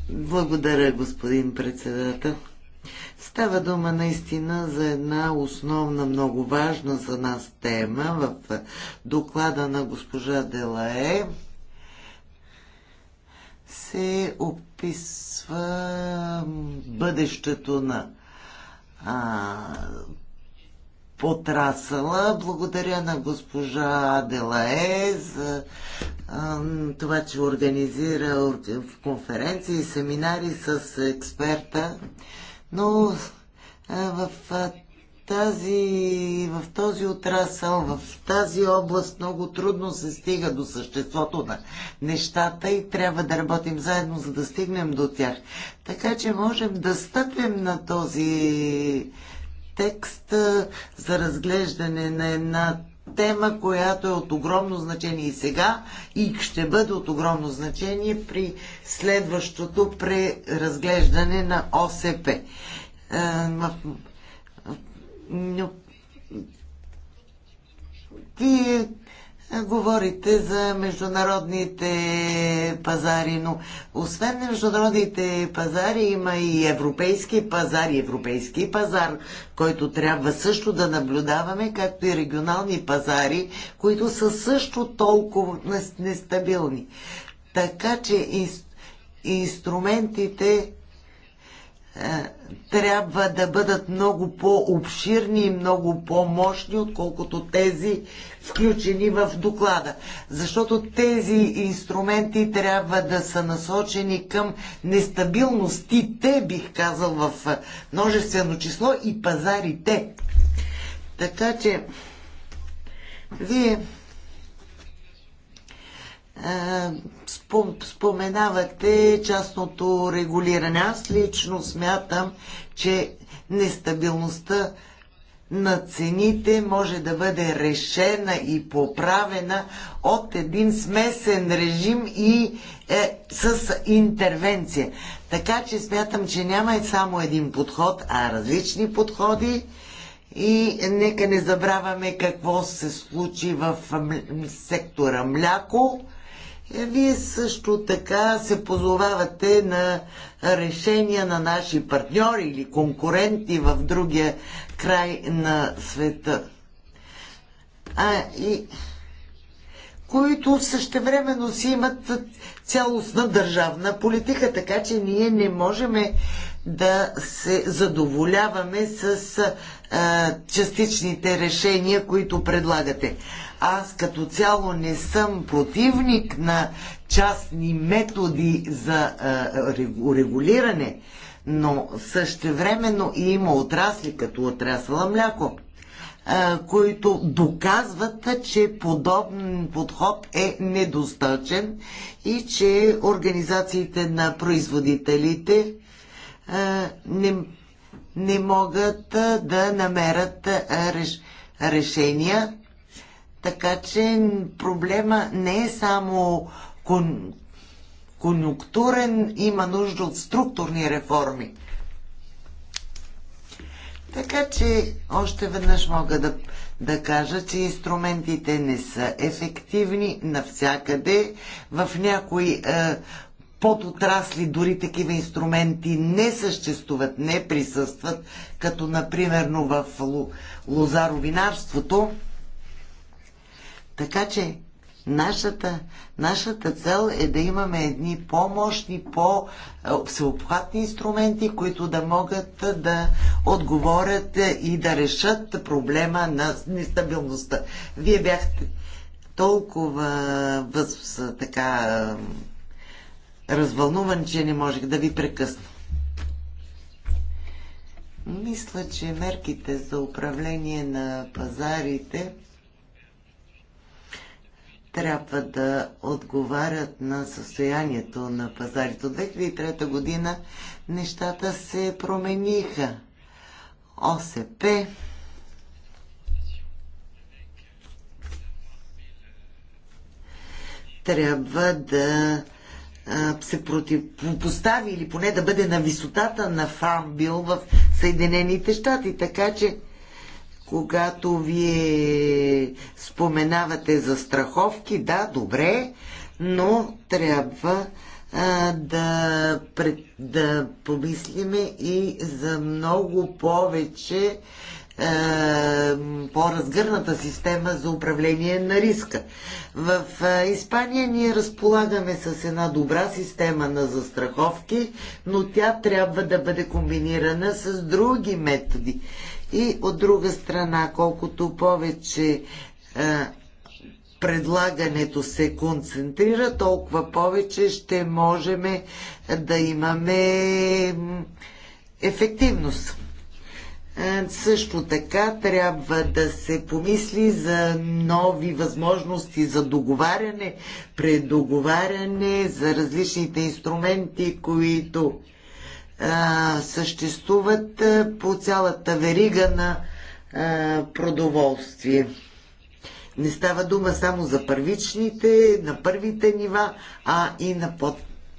Благодаря, господин председател. Става дума наистина за една основна, много важна за нас тема в доклада на госпожа Делае. Се описва бъдещето на а, Потрасала, Благодаря на госпожа Делае за това, че организира конференции и семинари с експерта, но в тази, в този отрасъл, в тази област много трудно се стига до съществото на нещата и трябва да работим заедно, за да стигнем до тях. Така че можем да стъпим на този текст за разглеждане на една тема, която е от огромно значение и сега и ще бъде от огромно значение при следващото преразглеждане на ОСП. Ти говорите за международните пазари, но освен международните пазари има и европейски пазар, и европейски пазар, който трябва също да наблюдаваме, както и регионални пазари, които са също толкова нестабилни. Така че инструментите трябва да бъдат много по-обширни и много по-мощни, отколкото тези включени в доклада. Защото тези инструменти трябва да са насочени към нестабилностите, бих казал, в множествено число и пазарите. Така че, вие е, споменавате частното регулиране. Аз лично смятам, че нестабилността на цените може да бъде решена и поправена от един смесен режим и е, с интервенция. Така че смятам, че няма и само един подход, а различни подходи. И нека не забравяме какво се случи в сектора мляко е, вие също така се позовавате на решения на наши партньори или конкуренти в другия край на света. А и които същевременно си имат цялостна държавна политика, така че ние не можем да се задоволяваме с частичните решения, които предлагате. Аз като цяло не съм противник на частни методи за регулиране, но същевременно и има отрасли, като отрасла мляко, които доказват, че подобен подход е недостатъчен и че организациите на производителите не не могат да намерят реш, решения. Така че проблема не е само кон, конюктурен, има нужда от структурни реформи. Така че още веднъж мога да, да кажа, че инструментите не са ефективни навсякъде. В някои е, отрасли дори такива инструменти не съществуват, не присъстват, като например в лозаровинарството. Така че нашата, нашата цел е да имаме едни по-мощни, по-всеобхватни инструменти, които да могат да отговорят и да решат проблема на нестабилността. Вие бяхте толкова въз, така развълнуван, че не можех да ви прекъсна. Мисля, че мерките за управление на пазарите трябва да отговарят на състоянието на пазарите. От 2003 година нещата се промениха. ОСП, трябва да се противопостави или поне да бъде на висотата на Фармбил в Съединените щати. Така че, когато вие споменавате за страховки, да, добре, но трябва а, да, пред, да помислиме и за много повече е, по-разгърната система за управление на риска. В е, Испания ние разполагаме с една добра система на застраховки, но тя трябва да бъде комбинирана с други методи. И от друга страна, колкото повече е, предлагането се концентрира, толкова повече ще можем да имаме ефективност. Е, също така трябва да се помисли за нови възможности за договаряне, предоговаряне, за различните инструменти, които а, съществуват е, по цялата верига на а, е, продоволствие. Не става дума само за първичните, на първите нива, а и на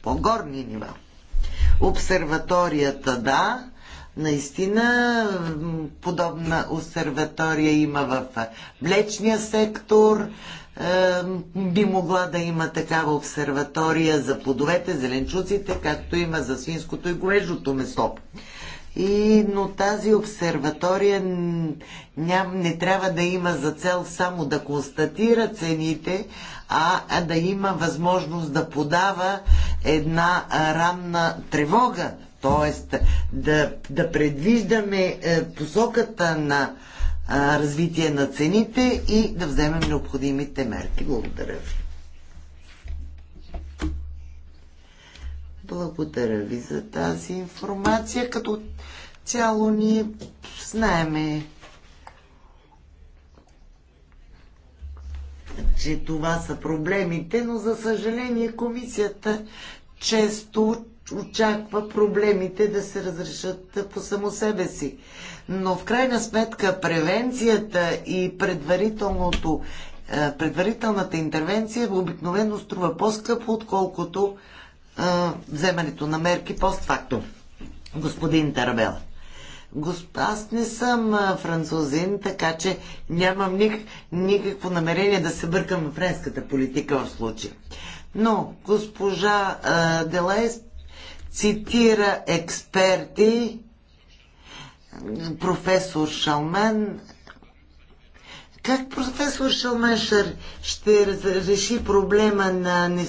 по-горни нива. Обсерваторията, да, Наистина, подобна обсерватория има в млечния сектор. Е, би могла да има такава обсерватория за плодовете, зеленчуците, както има за свинското и говеждото месо. И, но тази обсерватория ням, не трябва да има за цел само да констатира цените, а, а да има възможност да подава една ранна тревога Тоест да, да предвиждаме е, посоката на развитие на цените и да вземем необходимите мерки. Благодаря ви. Благодаря ви за тази информация. Като цяло ние знаеме, че това са проблемите, но за съжаление комисията често очаква проблемите да се разрешат по само себе си. Но в крайна сметка превенцията и предварителното, е, предварителната интервенция обикновено струва по-скъпо, отколкото а, е, вземането на мерки постфактум. Господин Тарабела. Госп... Аз не съм е, французин, така че нямам ник... никакво намерение да се бъркам в френската политика в случая. Но госпожа а, Делайс цитира експерти, професор Шалмен. Как професор Шалмен ще реши проблема на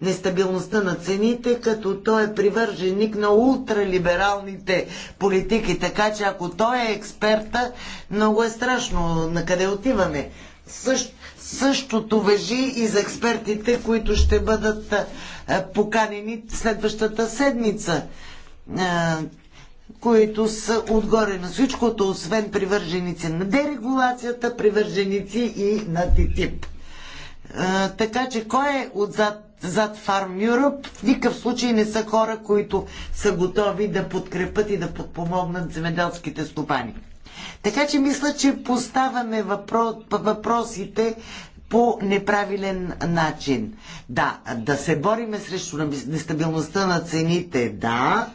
нестабилността на цените, като той е привърженик на ултралибералните политики. Така че ако той е експерта, много е страшно на къде отиваме. Също Същото въжи и за експертите, които ще бъдат поканени следващата седмица, които са отгоре на всичкото, освен привърженици на дерегулацията, привърженици и на ТИТИП. Така че кой е отзад зад Farm Europe в никакъв случай не са хора, които са готови да подкрепят и да подпомогнат земеделските стопани. Така че мисля, че поставяме въпросите по неправилен начин. Да, да се бориме срещу нестабилността на цените, да,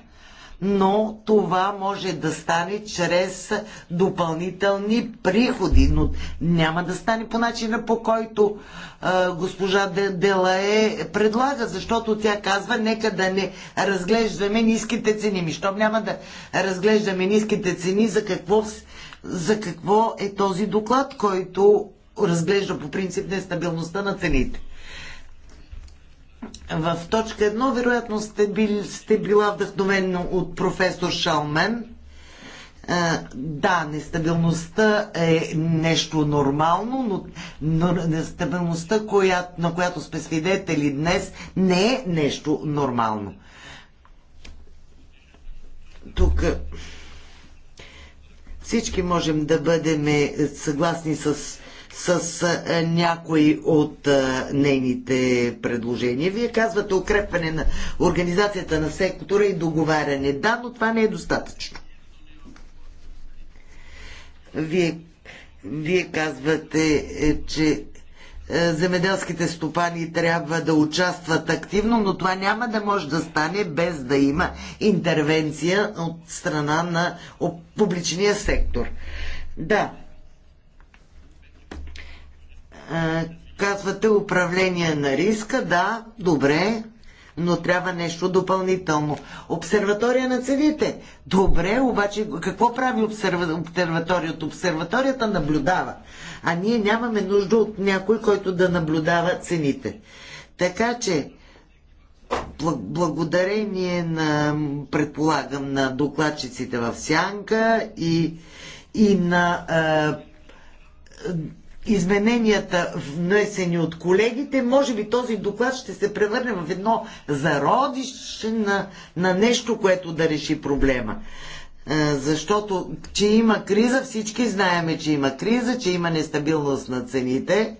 но това може да стане чрез допълнителни приходи, но няма да стане по начина по който а, госпожа Делае предлага, защото тя казва нека да не разглеждаме ниските цени. Ми, щом няма да разглеждаме ниските цени, за какво за какво е този доклад, който разглежда по принцип нестабилността на цените. В точка 1 вероятно сте, били, сте била вдъхновена от професор Шалмен. да, нестабилността е нещо нормално, но, но нестабилността, на която сме свидетели днес, не е нещо нормално. Тук всички можем да бъдем е, съгласни с, с а, е, някои от а, е, нейните предложения. Вие казвате укрепване на организацията на сектора и договаряне. Да, но това не е достатъчно. Вие, вие казвате, че е, земеделските стопани трябва да участват активно, но това няма да може да стане без да има интервенция от страна на публичния сектор. Да. Е, казвате управление на риска, да, добре, но трябва нещо допълнително. Обсерватория на цените. Добре, обаче какво прави обсерваторията? Обсерваторията наблюдава, а ние нямаме нужда от някой, който да наблюдава цените. Така че, благодарение на, предполагам, на докладчиците в Сянка и, и на е, измененията, внесени от колегите, може би този доклад ще се превърне в едно зародище на, на нещо, което да реши проблема. Е, защото, че има криза, всички знаеме, че има криза, че има нестабилност на цените.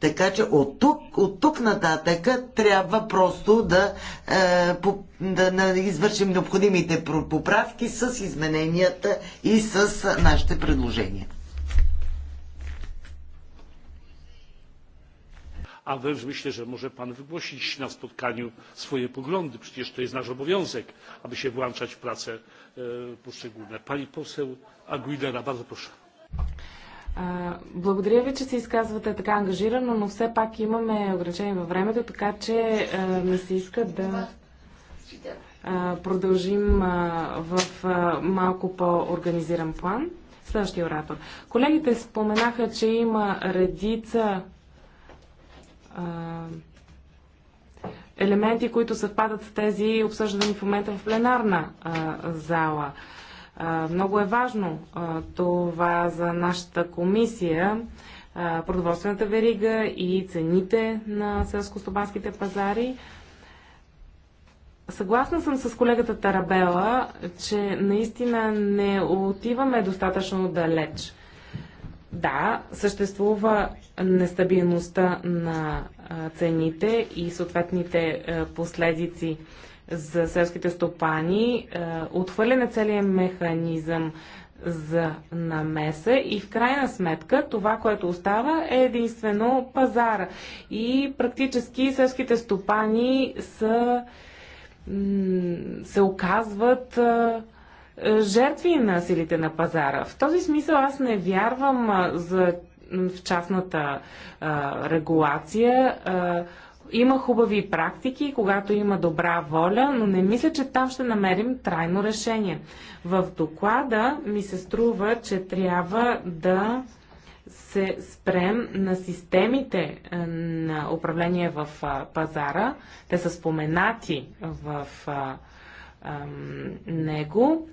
Така че от тук, от тук нататък трябва просто да, е, по, да, да извършим необходимите поправки с измененията и с нашите предложения. a wręcz myślę że może pan wygłosić na spotkaniu swoje poglądy przecież to jest nasz obowiązek aby się włączać w prace e, poszczególne. pani poseł aguilera bardzo proszę. E, благодаря ви, че се изказвате така ангажирано, но все пак имаме ограничение във времето, така че е, ми се иска да е, продължим е, в малко по-организиран план. Следващия оратор. Колегите споменаха, че има редица елементи, които съвпадат с тези обсъждани в момента в пленарна зала. много е важно това за нашата комисия, продоволствената верига и цените на селско стобанските пазари. Съгласна съм с колегата Тарабела, че наистина не отиваме достатъчно далеч да, съществува нестабилността на цените и съответните последици за селските стопани. Отхвърляне целият механизъм за намеса и в крайна сметка това, което остава е единствено пазара. И практически селските стопани са, се оказват е, жертви на силите на пазара. В този смисъл аз не вярвам за, в частната а, регулация. А, има хубави практики, когато има добра воля, но не мисля, че там ще намерим трайно решение. В доклада ми се струва, че трябва да се спрем на системите е, на управление в пазара. Те са споменати в него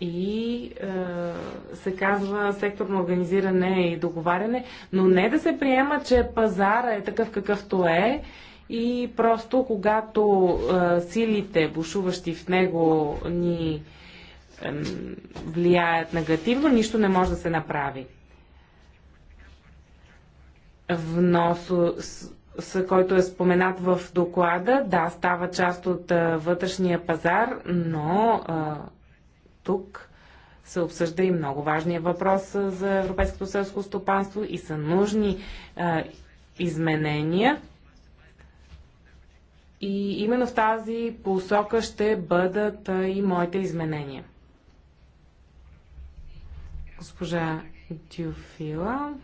и е, се казва секторно организиране и договаряне, но не да се приема, че пазара е такъв какъвто е и просто когато е, силите, бушуващи в него, ни е, влияят негативно, нищо не може да се направи. с, с, който е споменат в доклада, да, става част от е, вътрешния пазар, но. Е, тук се обсъжда и много важния въпрос за европейското селско стопанство и са нужни а, изменения. И именно в тази посока ще бъдат а, и моите изменения. Госпожа Дюфила.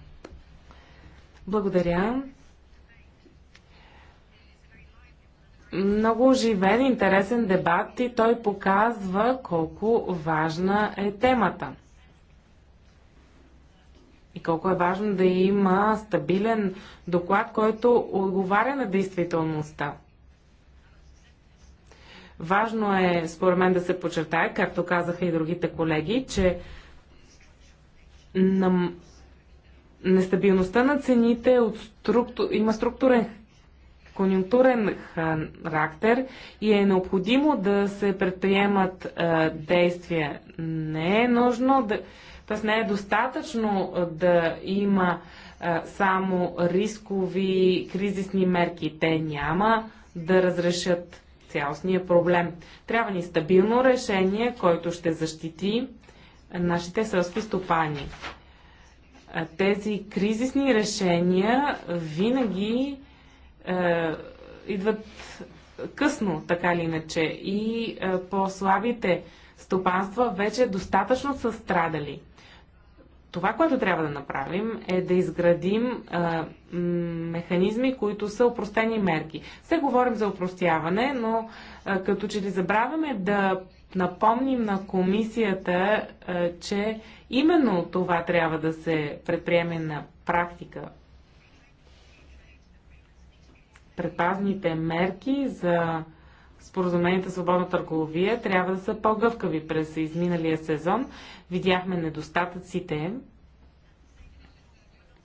Благодаря. много оживен, интересен дебат и той показва колко важна е темата. И колко е важно да има стабилен доклад, който отговаря на действителността. Важно е, според мен, да се подчертая, както казаха и другите колеги, че нестабилността на цените от структу... има структурен конюнктурен характер и е необходимо да се предприемат а, действия. Не е нужно да. Тоест не е достатъчно да има а, само рискови кризисни мерки. Те няма да разрешат цялостния проблем. Трябва ни стабилно решение, което ще защити нашите селски стопани. Тези кризисни решения винаги е, идват късно, така или иначе. И е, по-слабите стопанства вече достатъчно са страдали. Това, което трябва да направим, е да изградим е, механизми, които са упростени мерки. Все говорим за упростяване, но е, като че ли забравяме да напомним на комисията, е, че именно това трябва да се предприеме на практика предпазните мерки за споразумените за свободна търговия трябва да са по-гъвкави през изминалия сезон. Видяхме недостатъците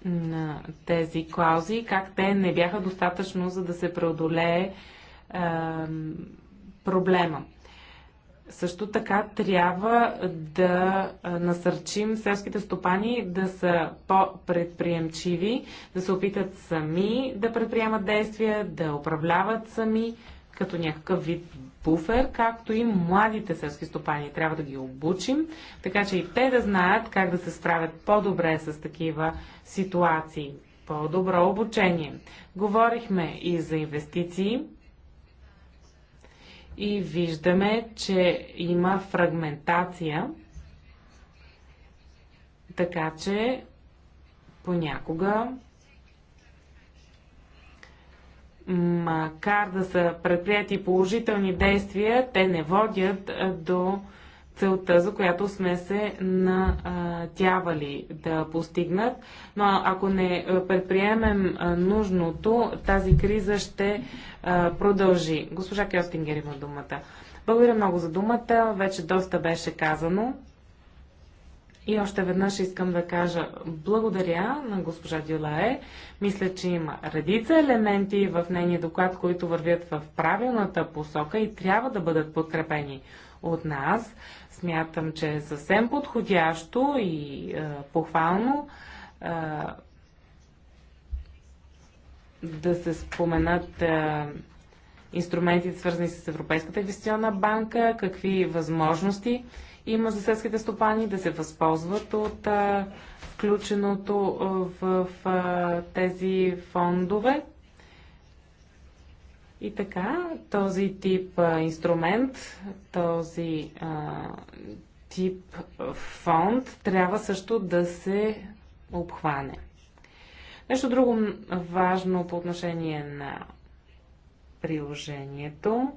на тези клаузи, как те не бяха достатъчно, за да се преодолее е, проблема. Също така трябва да насърчим селските стопани да са по-предприемчиви, да се опитат сами да предприемат действия, да управляват сами като някакъв вид буфер, както и младите селски стопани. Трябва да ги обучим, така че и те да знаят как да се справят по-добре с такива ситуации. По-добро обучение. Говорихме и за инвестиции и виждаме, че има фрагментация, така че понякога макар да са предприяти положителни действия, те не водят до целта, за която сме се надявали да постигнат. Но ако не предприемем нужното, тази криза ще продължи. Госпожа Кьостингер има думата. Благодаря много за думата. Вече доста беше казано. И още веднъж искам да кажа благодаря на госпожа Дюлае. Мисля, че има редица елементи в нейния доклад, които вървят в правилната посока и трябва да бъдат подкрепени от нас. Смятам, че е съвсем подходящо и а, е, похвално а, е, да се споменат а, е, инструментите, свързани с Европейската инвестиционна банка, какви възможности има за селските стопани да се възползват от а, включеното в, в, в тези фондове. И така, този тип а, инструмент, този а, тип фонд трябва също да се обхване. Нещо друго важно по отношение на приложението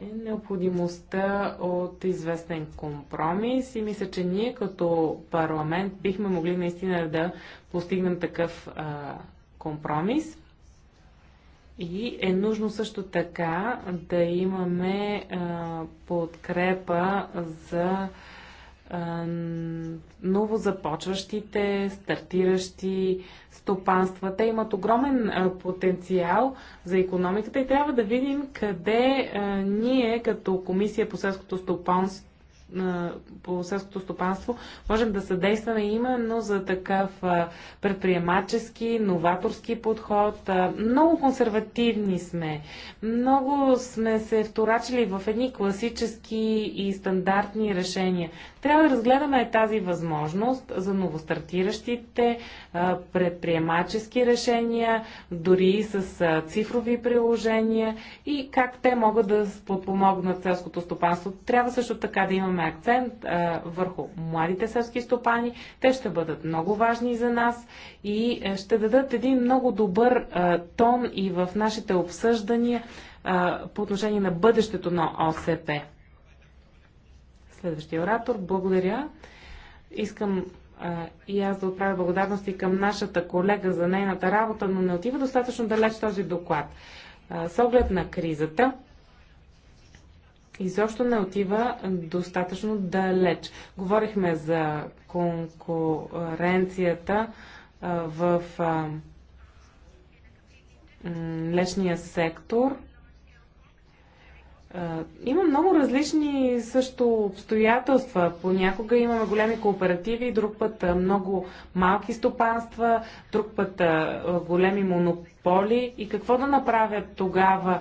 е необходимостта от известен компромис и мисля, че ние като парламент бихме могли наистина да постигнем такъв а, компромис. И е нужно също така да имаме подкрепа за новозапочващите, ново започващите, стартиращи стопанства. Те имат огромен потенциал за економиката и трябва да видим къде ние като Комисия по селското стопанство по селското стопанство, можем да съдействаме именно за такъв предприемачески, новаторски подход. Много консервативни сме. Много сме се вторачили в едни класически и стандартни решения. Трябва да разгледаме тази възможност за новостартиращите предприемачески решения, дори и с цифрови приложения и как те могат да подпомогнат селското стопанство. Трябва също така да имаме акцент върху младите селски стопани. Те ще бъдат много важни за нас и е, ще дадат един много добър тон и в нашите обсъждания по отношение на бъдещето на ОСП. Следващия оратор. Благодаря. Искам а, и аз да отправя благодарности към нашата колега за нейната работа, но не отива достатъчно далеч този доклад. А, с оглед на кризата, изобщо не отива достатъчно далеч. Говорихме за конкуренцията а, в а, лечния сектор – има много различни също обстоятелства. Понякога имаме големи кооперативи, друг път много малки стопанства, друг път големи монополи. И какво да направят тогава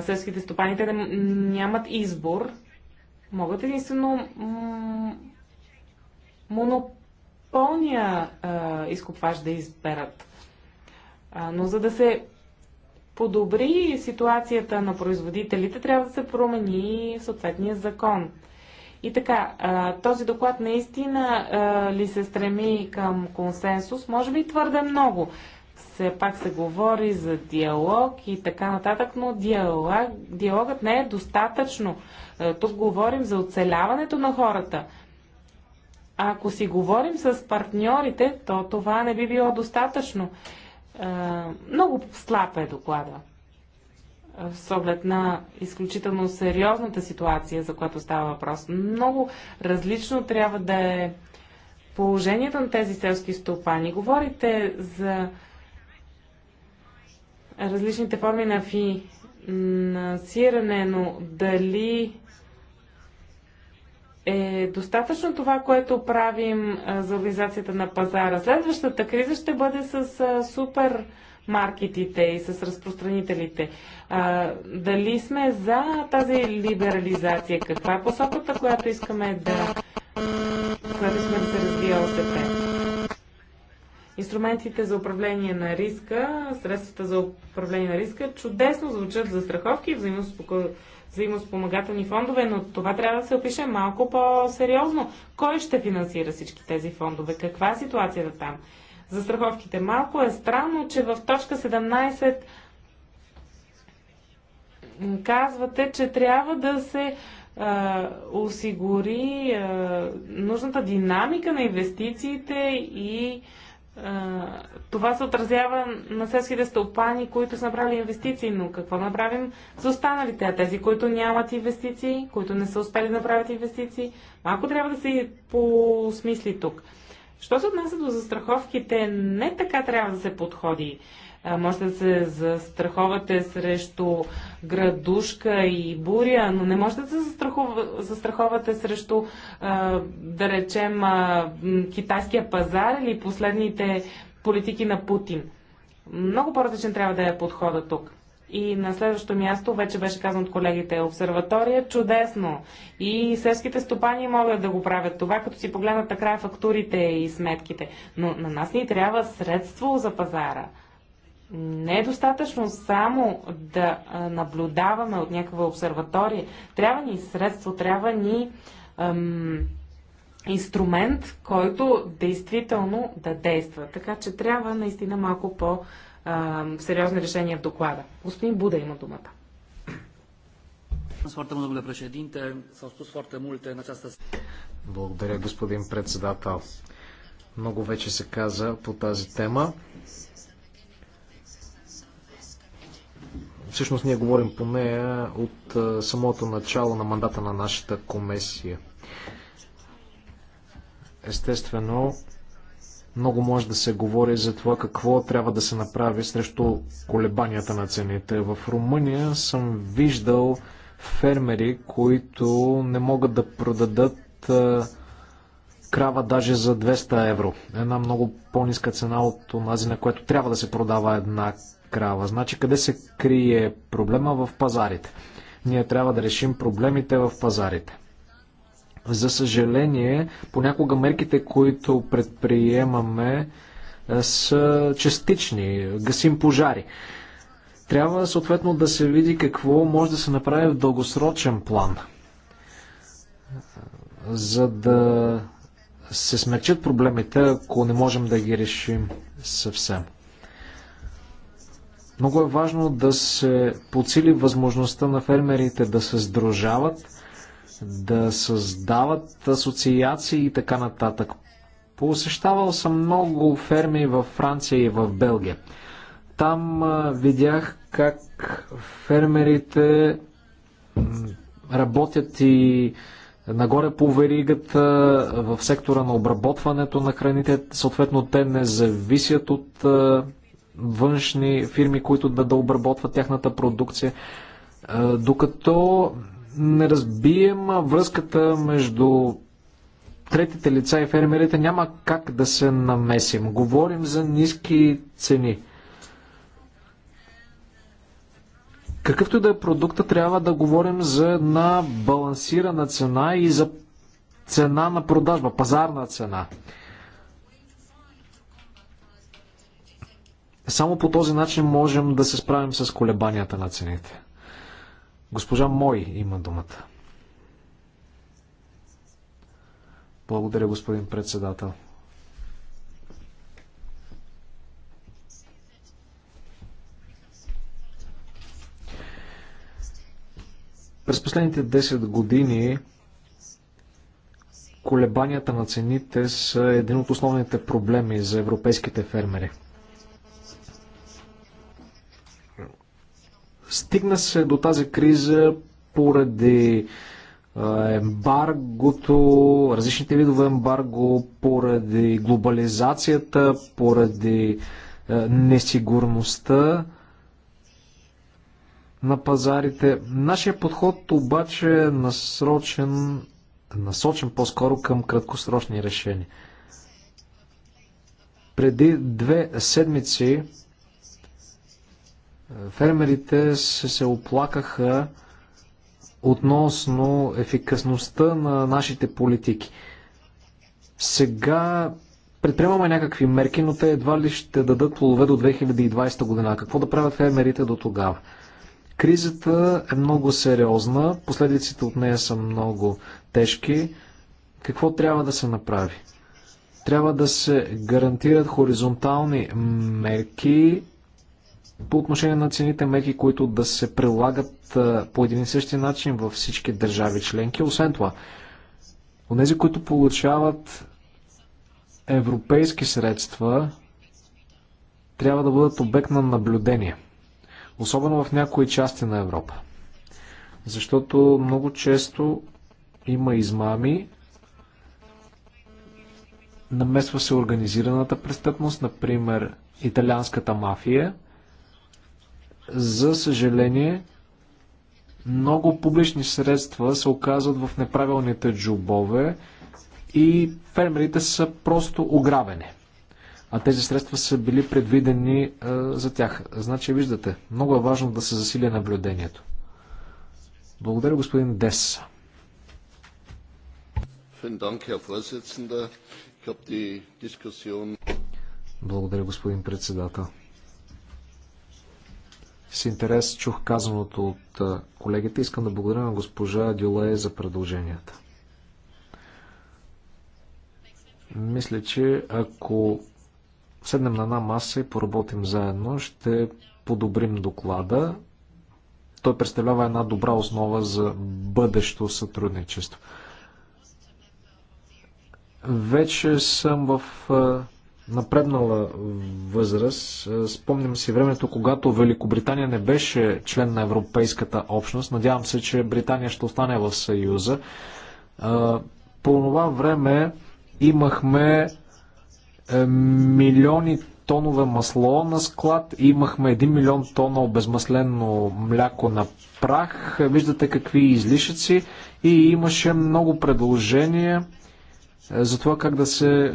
сърските стопани? Те да нямат избор. Могат единствено монополния изкупвач да изберат. Но за да се подобри ситуацията на производителите, трябва да се промени съответния закон. И така, този доклад наистина ли се стреми към консенсус? Може би твърде много. Все пак се говори за диалог и така нататък, но диалог, диалогът не е достатъчно. Тук говорим за оцеляването на хората. Ако си говорим с партньорите, то това не би било достатъчно. Е, много слаб е доклада е, с оглед на изключително сериозната ситуация, за която става въпрос. Много различно трябва да е положението на тези селски стопани. Говорите за различните форми на финансиране, но дали е достатъчно това, което правим за организацията на пазара. Следващата криза ще бъде с супермаркетите и с разпространителите. А, дали сме за тази либерализация? Каква е посоката, която искаме да, която искаме да се развие ОСП? Инструментите за управление на риска, средствата за управление на риска чудесно звучат за страховки и взаимоспокойствие взаимоспомагателни фондове, но това трябва да се опише малко по-сериозно. Кой ще финансира всички тези фондове? Каква е ситуацията там? За страховките малко е странно, че в точка 17 казвате, че трябва да се а, осигури а, нужната динамика на инвестициите и а, това се отразява на селските стълпани, които са направили инвестиции, но какво направим за останалите, а тези, които нямат инвестиции, които не са успели да направят инвестиции, малко трябва да се посмисли тук. Що се отнася до застраховките, не така трябва да се подходи. Може да се застраховате срещу градушка и буря, но не можете да се застраховате срещу, да речем, китайския пазар или последните политики на Путин. Много по-различен трябва да е подхода тук. И на следващото място, вече беше казано от колегите, обсерватория чудесно. И селските стопани могат да го правят това, като си погледнат накрая фактурите и сметките. Но на нас ни трябва средство за пазара не е достатъчно само да наблюдаваме от някаква обсерватория. Трябва ни средство, трябва ни ам, инструмент, който действително да действа. Така че трябва наистина малко по-сериозни решения в доклада. Господин Буда има думата. Благодаря, господин председател. Много вече се каза по тази тема. Всъщност ние говорим по нея от самото начало на мандата на нашата комисия. Естествено, много може да се говори за това какво трябва да се направи срещу колебанията на цените. В Румъния съм виждал фермери, които не могат да продадат крава даже за 200 евро. Една много по-ниска цена от онази, на която трябва да се продава една крава. Значи къде се крие проблема в пазарите? Ние трябва да решим проблемите в пазарите. За съжаление, понякога мерките, които предприемаме, е, са частични, гасим пожари. Трябва съответно да се види какво може да се направи в дългосрочен план, за да се смечат проблемите, ако не можем да ги решим съвсем. Много е важно да се подсили възможността на фермерите да се сдружават, да създават асоциации и така нататък. Посещавал съм много ферми във Франция и в Белгия. Там видях как фермерите работят и нагоре по веригата, в сектора на обработването на храните. Съответно, те не зависят от външни фирми, които да, да обработват тяхната продукция. Докато не разбием връзката между третите лица и фермерите, няма как да се намесим. Говорим за ниски цени. Какъвто и да е продукта, трябва да говорим за една балансирана цена и за цена на продажба, пазарна цена. Само по този начин можем да се справим с колебанията на цените. Госпожа Мой има думата. Благодаря, господин председател. През последните 10 години колебанията на цените са един от основните проблеми за европейските фермери – Стигна се до тази криза поради ембаргото, различните видове ембарго, поради глобализацията, поради несигурността на пазарите. Нашия подход обаче е насрочен, насочен по-скоро към краткосрочни решения. Преди две седмици Фермерите се, се оплакаха относно ефикасността на нашите политики. Сега предприемаме някакви мерки, но те едва ли ще дадат плодове до 2020 година. Какво да правят фермерите до тогава? Кризата е много сериозна, последиците от нея са много тежки. Какво трябва да се направи? Трябва да се гарантират хоризонтални мерки, по отношение на цените мерки, които да се прилагат по един и същи начин във всички държави членки. Освен това, онези, които получават европейски средства, трябва да бъдат обект на наблюдение. Особено в някои части на Европа. Защото много често има измами, намесва се организираната престъпност, например италианската мафия, за съжаление, много публични средства се оказват в неправилните джобове и фермерите са просто ограбени. А тези средства са били предвидени а, е, за тях. Значи, виждате, много е важно да се засили наблюдението. Благодаря, господин Дес. Благодаря, господин председател. С интерес чух казаното от колегите. Искам да благодаря на госпожа Дюлае за предложенията. Мисля, че ако седнем на една маса и поработим заедно, ще подобрим доклада. Той представлява една добра основа за бъдещо сътрудничество. Вече съм в напреднала възраст. Е, спомням си времето, когато Великобритания не беше член на Европейската общност. Надявам се, че Британия ще остане в Съюза. Е, по това време имахме е, милиони тонове масло на склад, имахме 1 милион тона обезмаслено мляко на прах, виждате какви излишъци и имаше много предложения за това как да се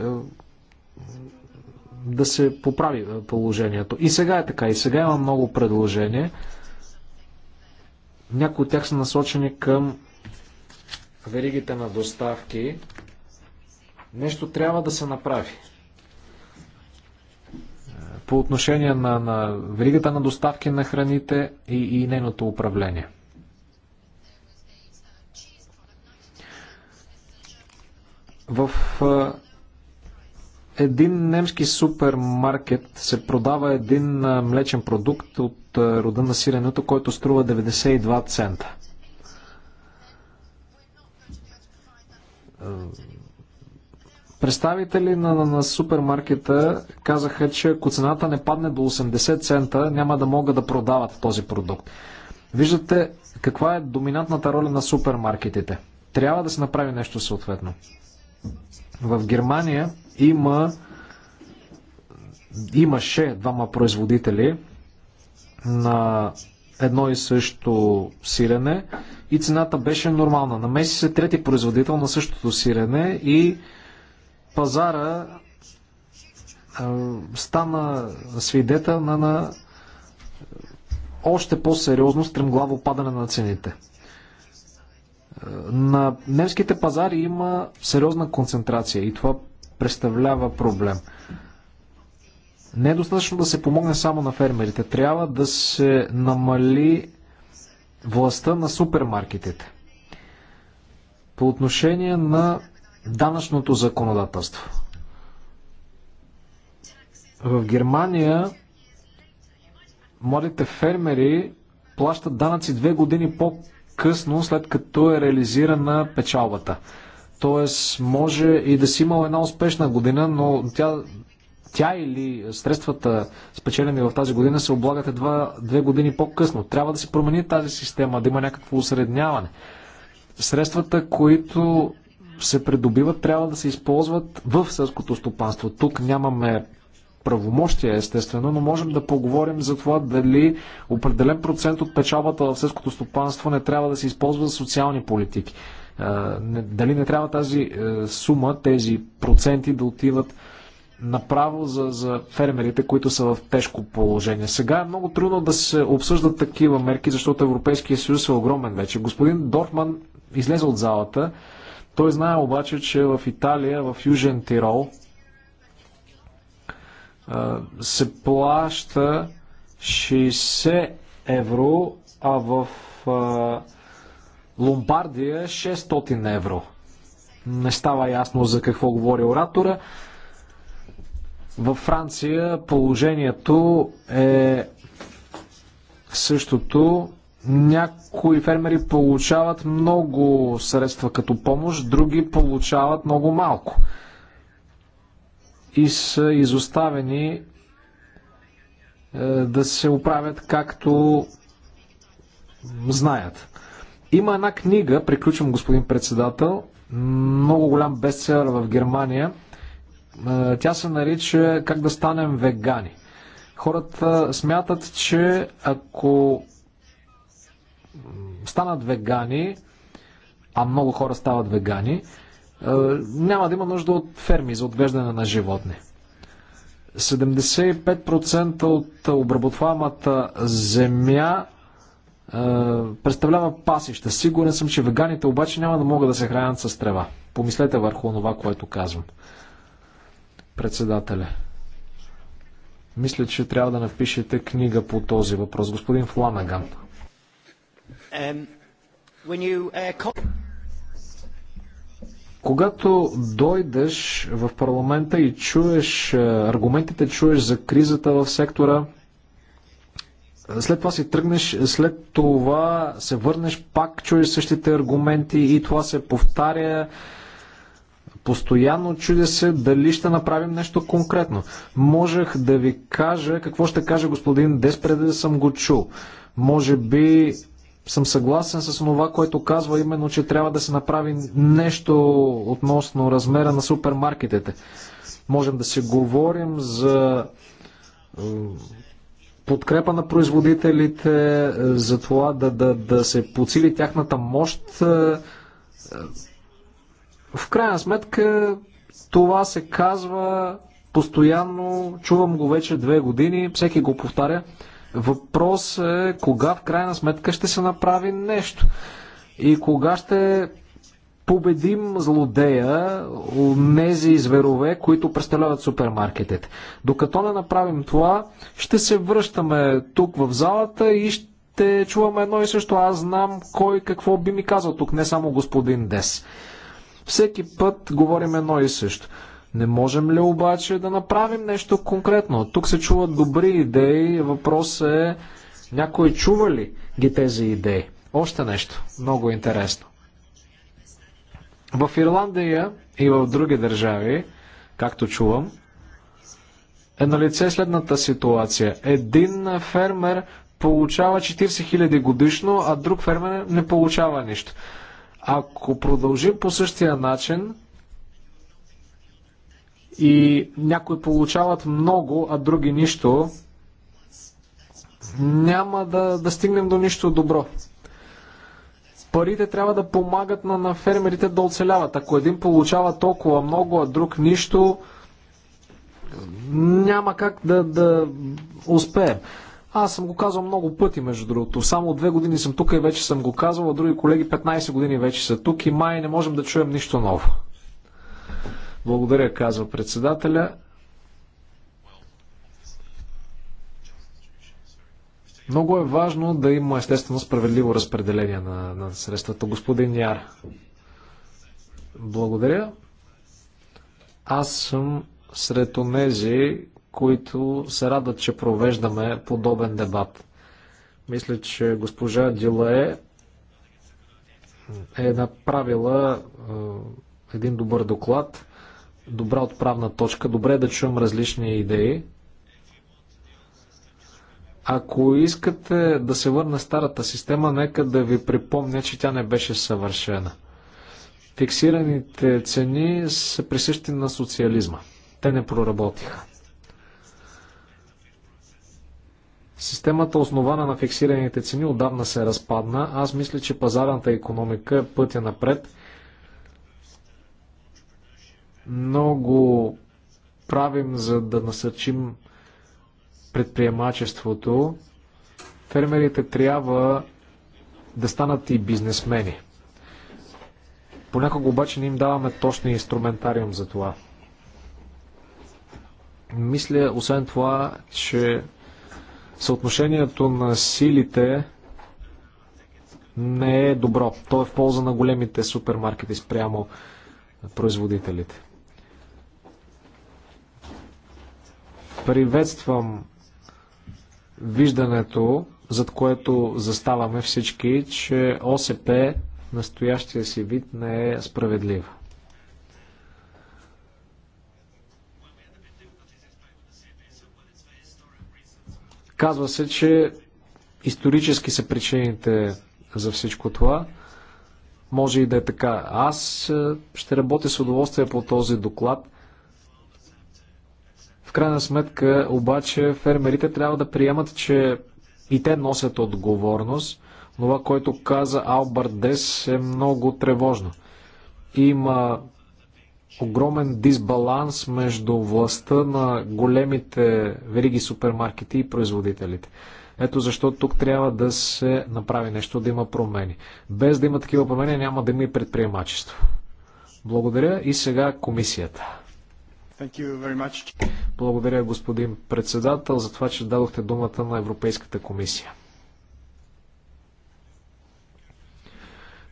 да се поправи е, положението. И сега е така, и сега има много предложения. Някои от тях са насочени към веригите на доставки. Нещо трябва да се направи. Е, по отношение на, на веригата на доставки на храните и, и нейното управление. В е, един немски супермаркет се продава един млечен продукт от рода на сиренето, който струва 92 цента. Представители на, на, на супермаркета казаха, че ако цената не падне до 80 цента, няма да могат да продават този продукт. Виждате каква е доминантната роля на супермаркетите. Трябва да се направи нещо съответно. В Германия има имаше двама производители на едно и също сирене и цената беше нормална. Намеси се трети производител на същото сирене и пазара е, стана свидетел на, на още по-сериозно стремглаво падане на цените. На немските пазари има сериозна концентрация и това представлява проблем. Не е достатъчно да се помогне само на фермерите. Трябва да се намали властта на супермаркетите. По отношение на данъчното законодателство. В Германия младите фермери плащат данъци две години по късно, след като е реализирана печалбата. Тоест, може и да си имал една успешна година, но тя, тя или средствата спечелени в тази година се облагат едва две години по-късно. Трябва да се промени тази система, да има някакво усредняване. Средствата, които се придобиват, трябва да се използват в сърското стопанство. Тук нямаме правомощия, естествено, но можем да поговорим за това дали определен процент от печалбата в сельското стопанство не трябва да се използва за социални политики. Дали не трябва тази е, сума, тези проценти да отиват направо за, за фермерите, които са в тежко положение. Сега е много трудно да се обсъждат такива мерки, защото Европейския съюз е огромен вече. Господин Дорфман излезе от залата. Той знае обаче, че в Италия, в Южен Тирол, се плаща 60 евро, а в Ломбардия 600 евро. Не става ясно за какво говори оратора. Във Франция положението е същото. Някои фермери получават много средства като помощ, други получават много малко и са изоставени е, да се оправят както знаят. Има една книга, приключвам господин председател, много голям бестселър в Германия. Е, тя се нарича Как да станем вегани. Хората смятат, че ако станат вегани, а много хора стават вегани, няма да има нужда от ферми за отглеждане на животни. 75% от обработваемата земя е, представлява пасища. Сигурен съм, че веганите обаче няма да могат да се хранят с трева. Помислете върху това, което казвам. Председателя. Мисля, че трябва да напишете книга по този въпрос. Господин Фланаган. Um, когато дойдеш в парламента и чуеш е, аргументите, чуеш за кризата в сектора, след това си тръгнеш, след това се върнеш, пак чуеш същите аргументи и това се повтаря. Постоянно чудя се дали ще направим нещо конкретно. Можех да ви кажа какво ще каже господин Деспре, да съм го чул. Може би съм съгласен с това, което казва именно, че трябва да се направи нещо относно размера на супермаркетите. Можем да си говорим за е, подкрепа на производителите, за това да, да, да се подсили тяхната мощ. Е, е, в крайна сметка това се казва постоянно, чувам го вече две години, всеки го повтаря. Въпрос е кога в крайна сметка ще се направи нещо и кога ще победим злодея, тези зверове, които представляват супермаркетите. Докато не направим това, ще се връщаме тук в залата и ще чуваме едно и също. Аз знам кой какво би ми казал тук, не само господин Дес. Всеки път говорим едно и също. Не можем ли обаче да направим нещо конкретно? Тук се чуват добри идеи. Въпрос е някой чува ли ги тези идеи? Още нещо много интересно. В Ирландия и в други държави, както чувам, е на лице следната ситуация. Един фермер получава 40 000 годишно, а друг фермер не получава нищо. Ако продължим по същия начин, и някои получават много, а други нищо, няма да, да стигнем до нищо добро. Парите трябва да помагат на, на фермерите да оцеляват. Ако един получава толкова много, а друг нищо, няма как да, да успеем. Аз съм го казал много пъти, между другото. Само две години съм тук и вече съм го казвал, а други колеги 15 години вече са тук и май не можем да чуем нищо ново. Благодаря, казва председателя. Много е важно да има естествено справедливо разпределение на, на средствата. Господин Яр, благодаря. Аз съм сред онези, които се радват, че провеждаме подобен дебат. Мисля, че госпожа Дилае е направила е, един добър доклад добра отправна точка. Добре е да чуем различни идеи. Ако искате да се върне старата система, нека да ви припомня, че тя не беше съвършена. Фиксираните цени са присъщи на социализма. Те не проработиха. Системата, основана на фиксираните цени, отдавна се разпадна. Аз мисля, че пазарната економика е пътя напред. Много правим за да насъчим предприемачеството. Фермерите трябва да станат и бизнесмени. Понякога обаче не им даваме точния инструментариум за това. Мисля, освен това, че съотношението на силите не е добро. То е в полза на големите супермаркети спрямо производителите. Приветствам виждането, зад което заставаме всички, че ОСП в настоящия си вид не е справедлива. Казва се, че исторически са причините за всичко това. Може и да е така. Аз е, ще работя с удоволствие по този доклад – в крайна сметка, обаче, фермерите трябва да приемат, че и те носят отговорност. Това, което каза Албърт Дес, е много тревожно. Има огромен дисбаланс между властта на големите вериги супермаркети и производителите. Ето защо тук трябва да се направи нещо, да има промени. Без да има такива промени няма да има и предприемачество. Благодаря и сега комисията. Благодаря, господин председател, за това, че дадохте думата на Европейската комисия.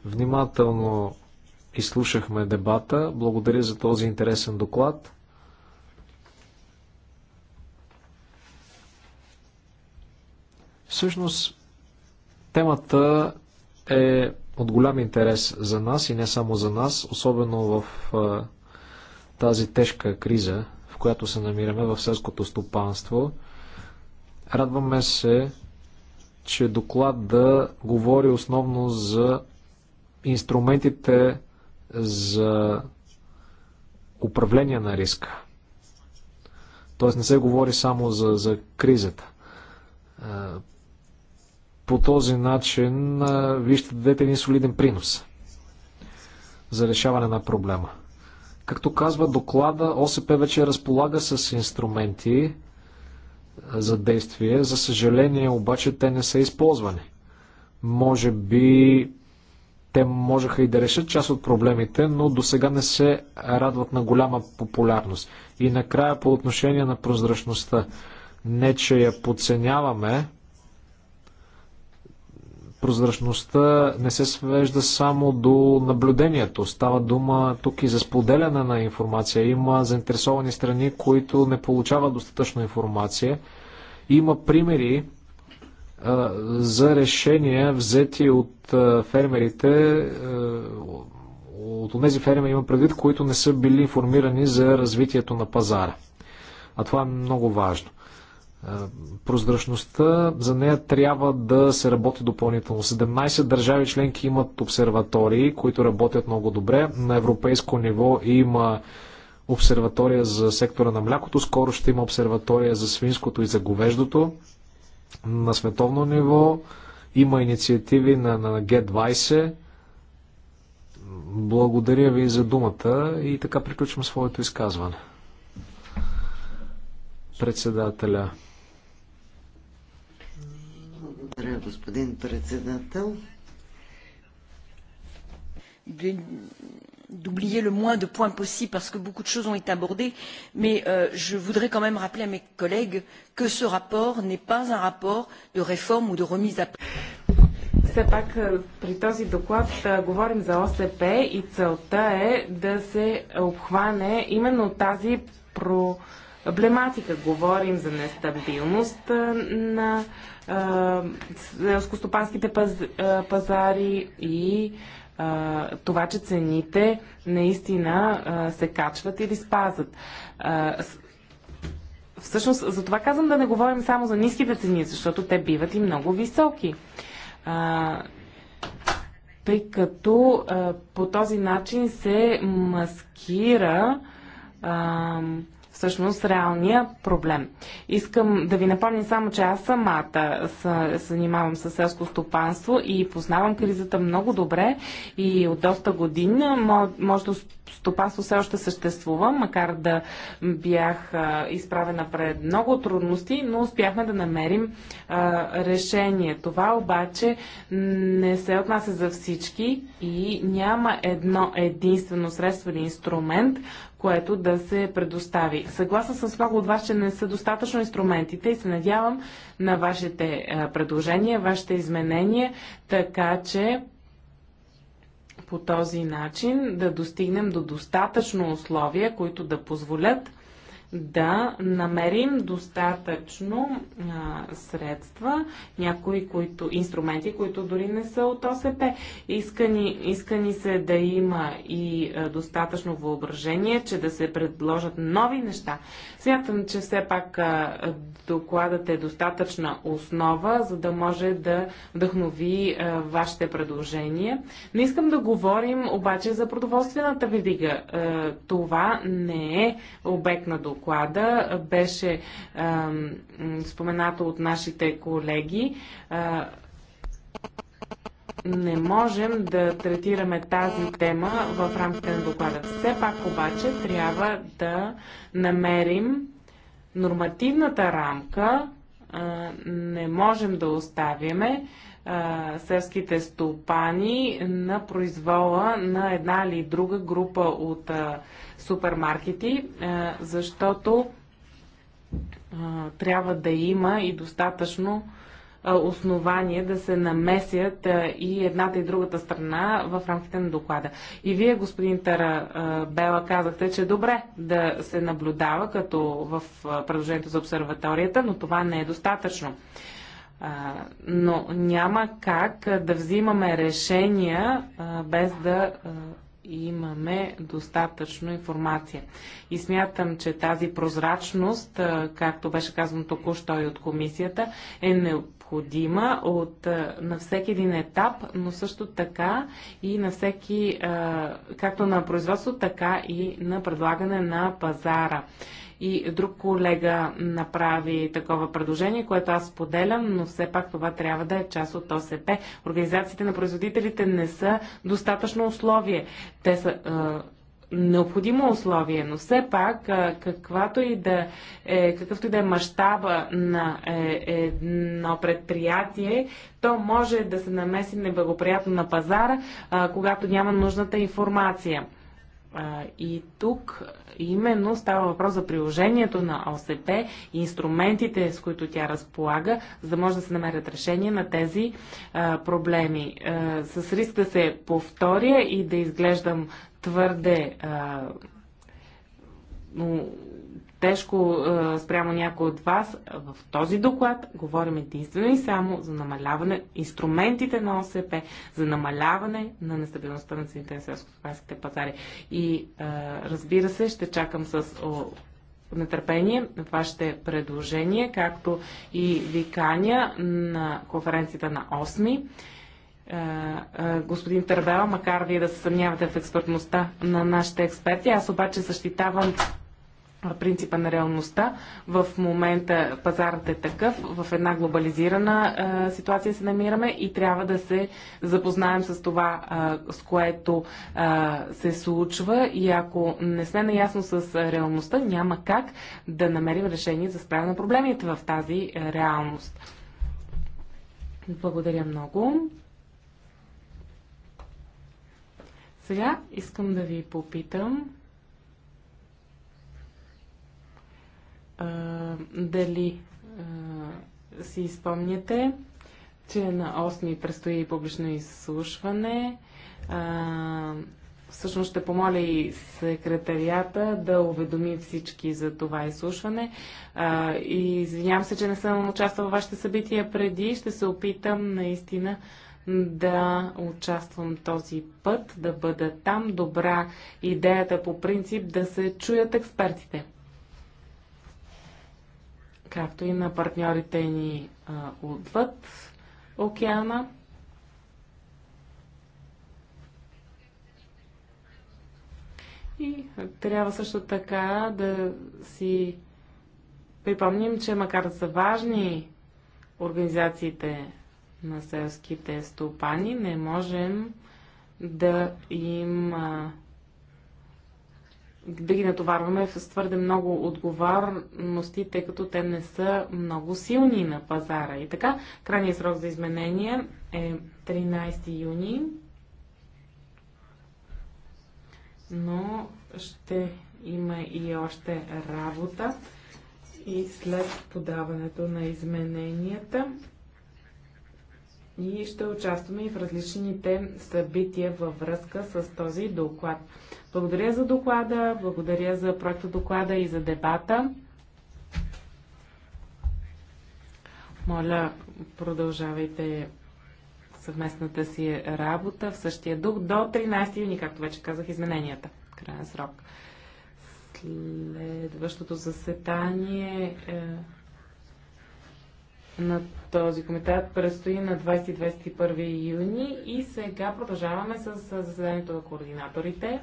Внимателно изслушахме дебата. Благодаря за този интересен доклад. Всъщност, темата е от голям интерес за нас и не само за нас, особено в тази тежка криза, в която се намираме в селското стопанство. Радваме се, че доклад да говори основно за инструментите за управление на риска. Тоест не се говори само за, за кризата. По този начин вижте дадете един солиден принос за решаване на проблема. Както казва доклада, ОСП вече разполага с инструменти е, за действие. За съжаление обаче те не са използвани. Може би те можеха и да решат част от проблемите, но до сега не се радват на голяма популярност. И накрая по отношение на прозрачността. Не, че я подценяваме, прозрачността не се свежда само до наблюдението. Става дума тук и за споделяне на информация. Има заинтересовани страни, които не получават достатъчно информация. Има примери а, за решения, взети от а, фермерите, а, от тези фермери има предвид, които не са били информирани за развитието на пазара. А това е много важно. Прозрачността за нея трябва да се работи допълнително. 17 държави членки имат обсерватории, които работят много добре. На европейско ниво има обсерватория за сектора на млякото, скоро ще има обсерватория за свинското и за говеждото. На световно ниво има инициативи на, на G20. Благодаря ви за думата и така приключвам своето изказване. Председателя. Благодаря, господин председател. d'oublier le moins de points possible parce que beaucoup de choses ont été abordées, mais euh, je voudrais quand même rappeler à mes collègues que ce rapport n'est pas un rapport de réforme ou de remise à все пак при този доклад да говорим за ОСП и целта е да се обхване именно тази проблематика. Говорим за нестабилност на селскостопанските паз, пазари и това, че цените наистина се качват или спазват. всъщност, за това казвам да не говорим само за ниските цени, защото те биват и много високи. тъй като по този начин се маскира всъщност реалния проблем. Искам да ви напомня само, че аз самата се занимавам с селско стопанство и познавам кризата много добре и от доста години моето стопанство все още съществува, макар да бях изправена пред много трудности, но успяхме да намерим решение. Това обаче не се отнася за всички и няма едно единствено средство или инструмент, което да се предостави. Съгласна с много от вас, че не са достатъчно инструментите и се надявам на вашите е, предложения, вашите изменения, така че по този начин да достигнем до достатъчно условия, които да позволят да намерим достатъчно а, средства, някои които, инструменти, които дори не са от ОСП. Искани искани се да има и а, достатъчно въображение, че да се предложат нови неща. Смятам, че все пак а, докладът е достатъчна основа, за да може да вдъхнови а, вашите предложения. Не искам да говорим обаче за продоволствената А, Това не е обект на доклад доклада беше а, споменато от нашите колеги. не можем да третираме тази тема в рамките на доклада. Все пак обаче трябва да намерим нормативната рамка. не можем да оставяме селските стопани на произвола на една или друга група от а, супермаркети, е, защото е, трябва да има и достатъчно е, основание да се намесят и едната и другата страна в рамките на доклада. И вие, господин Тара Бела, казахте, че е добре да се наблюдава, като в предложението за обсерваторията, но това не е достатъчно. Но няма как да взимаме решения без да имаме достатъчно информация. И смятам, че тази прозрачност, както беше казано току-що и от комисията, е необходима от, на всеки един етап, но също така и на всеки, както на производство, така и на предлагане на пазара и друг колега направи такова предложение, което аз поделям, но все пак това трябва да е част от ОСП. Организациите на производителите не са достатъчно условие. Те са необходимо условие, но все пак каквато и да е, какъвто и да е мащаба на е, едно предприятие, то може да се намеси неблагоприятно на пазара, когато няма нужната информация. И тук именно става въпрос за приложението на ОСП и инструментите, с които тя разполага, за да може да се намерят решение на тези проблеми. с риск да се повторя и да изглеждам твърде тежко спрямо някой от вас, в този доклад говорим единствено и само за намаляване инструментите на ОСП, за намаляване на нестабилността на цените на селско-стопанските пазари. И разбира се, ще чакам с нетърпение вашите предложения, както и викания на конференцията на 8 господин Търбела, макар вие да се съмнявате в експертността на нашите експерти. Аз обаче защитавам принципа на реалността. В момента пазарът е такъв, в една глобализирана а, ситуация се намираме и трябва да се запознаем с това, а, с което а, се случва и ако не сме наясно с реалността, няма как да намерим решение за справяне на проблемите в тази реалност. Благодаря много. Сега искам да ви попитам дали а, си спомняте, че на 8 предстои публично изслушване. А, всъщност ще помоля и секретарията да уведоми всички за това изслушване. А, и извинявам се, че не съм участвала в вашите събития преди. Ще се опитам наистина да участвам този път, да бъда там. Добра идеята по принцип да се чуят експертите както и на партньорите ни а, отвъд океана. И трябва също така да си припомним, че макар да са важни организациите на селските стопани, не можем да им а, да ги натоварваме с твърде много отговорности, тъй като те не са много силни на пазара. И така, крайният срок за изменение е 13 юни, но ще има и още работа и след подаването на измененията и ще участваме и в различните събития във връзка с този доклад. Благодаря за доклада, благодаря за проекта доклада и за дебата. Моля, продължавайте съвместната си работа в същия дух до 13 юни, както вече казах, измененията. Крайен срок. Следващото заседание е на този комитет предстои на 20-21 юни и сега продължаваме с заседанието на координаторите.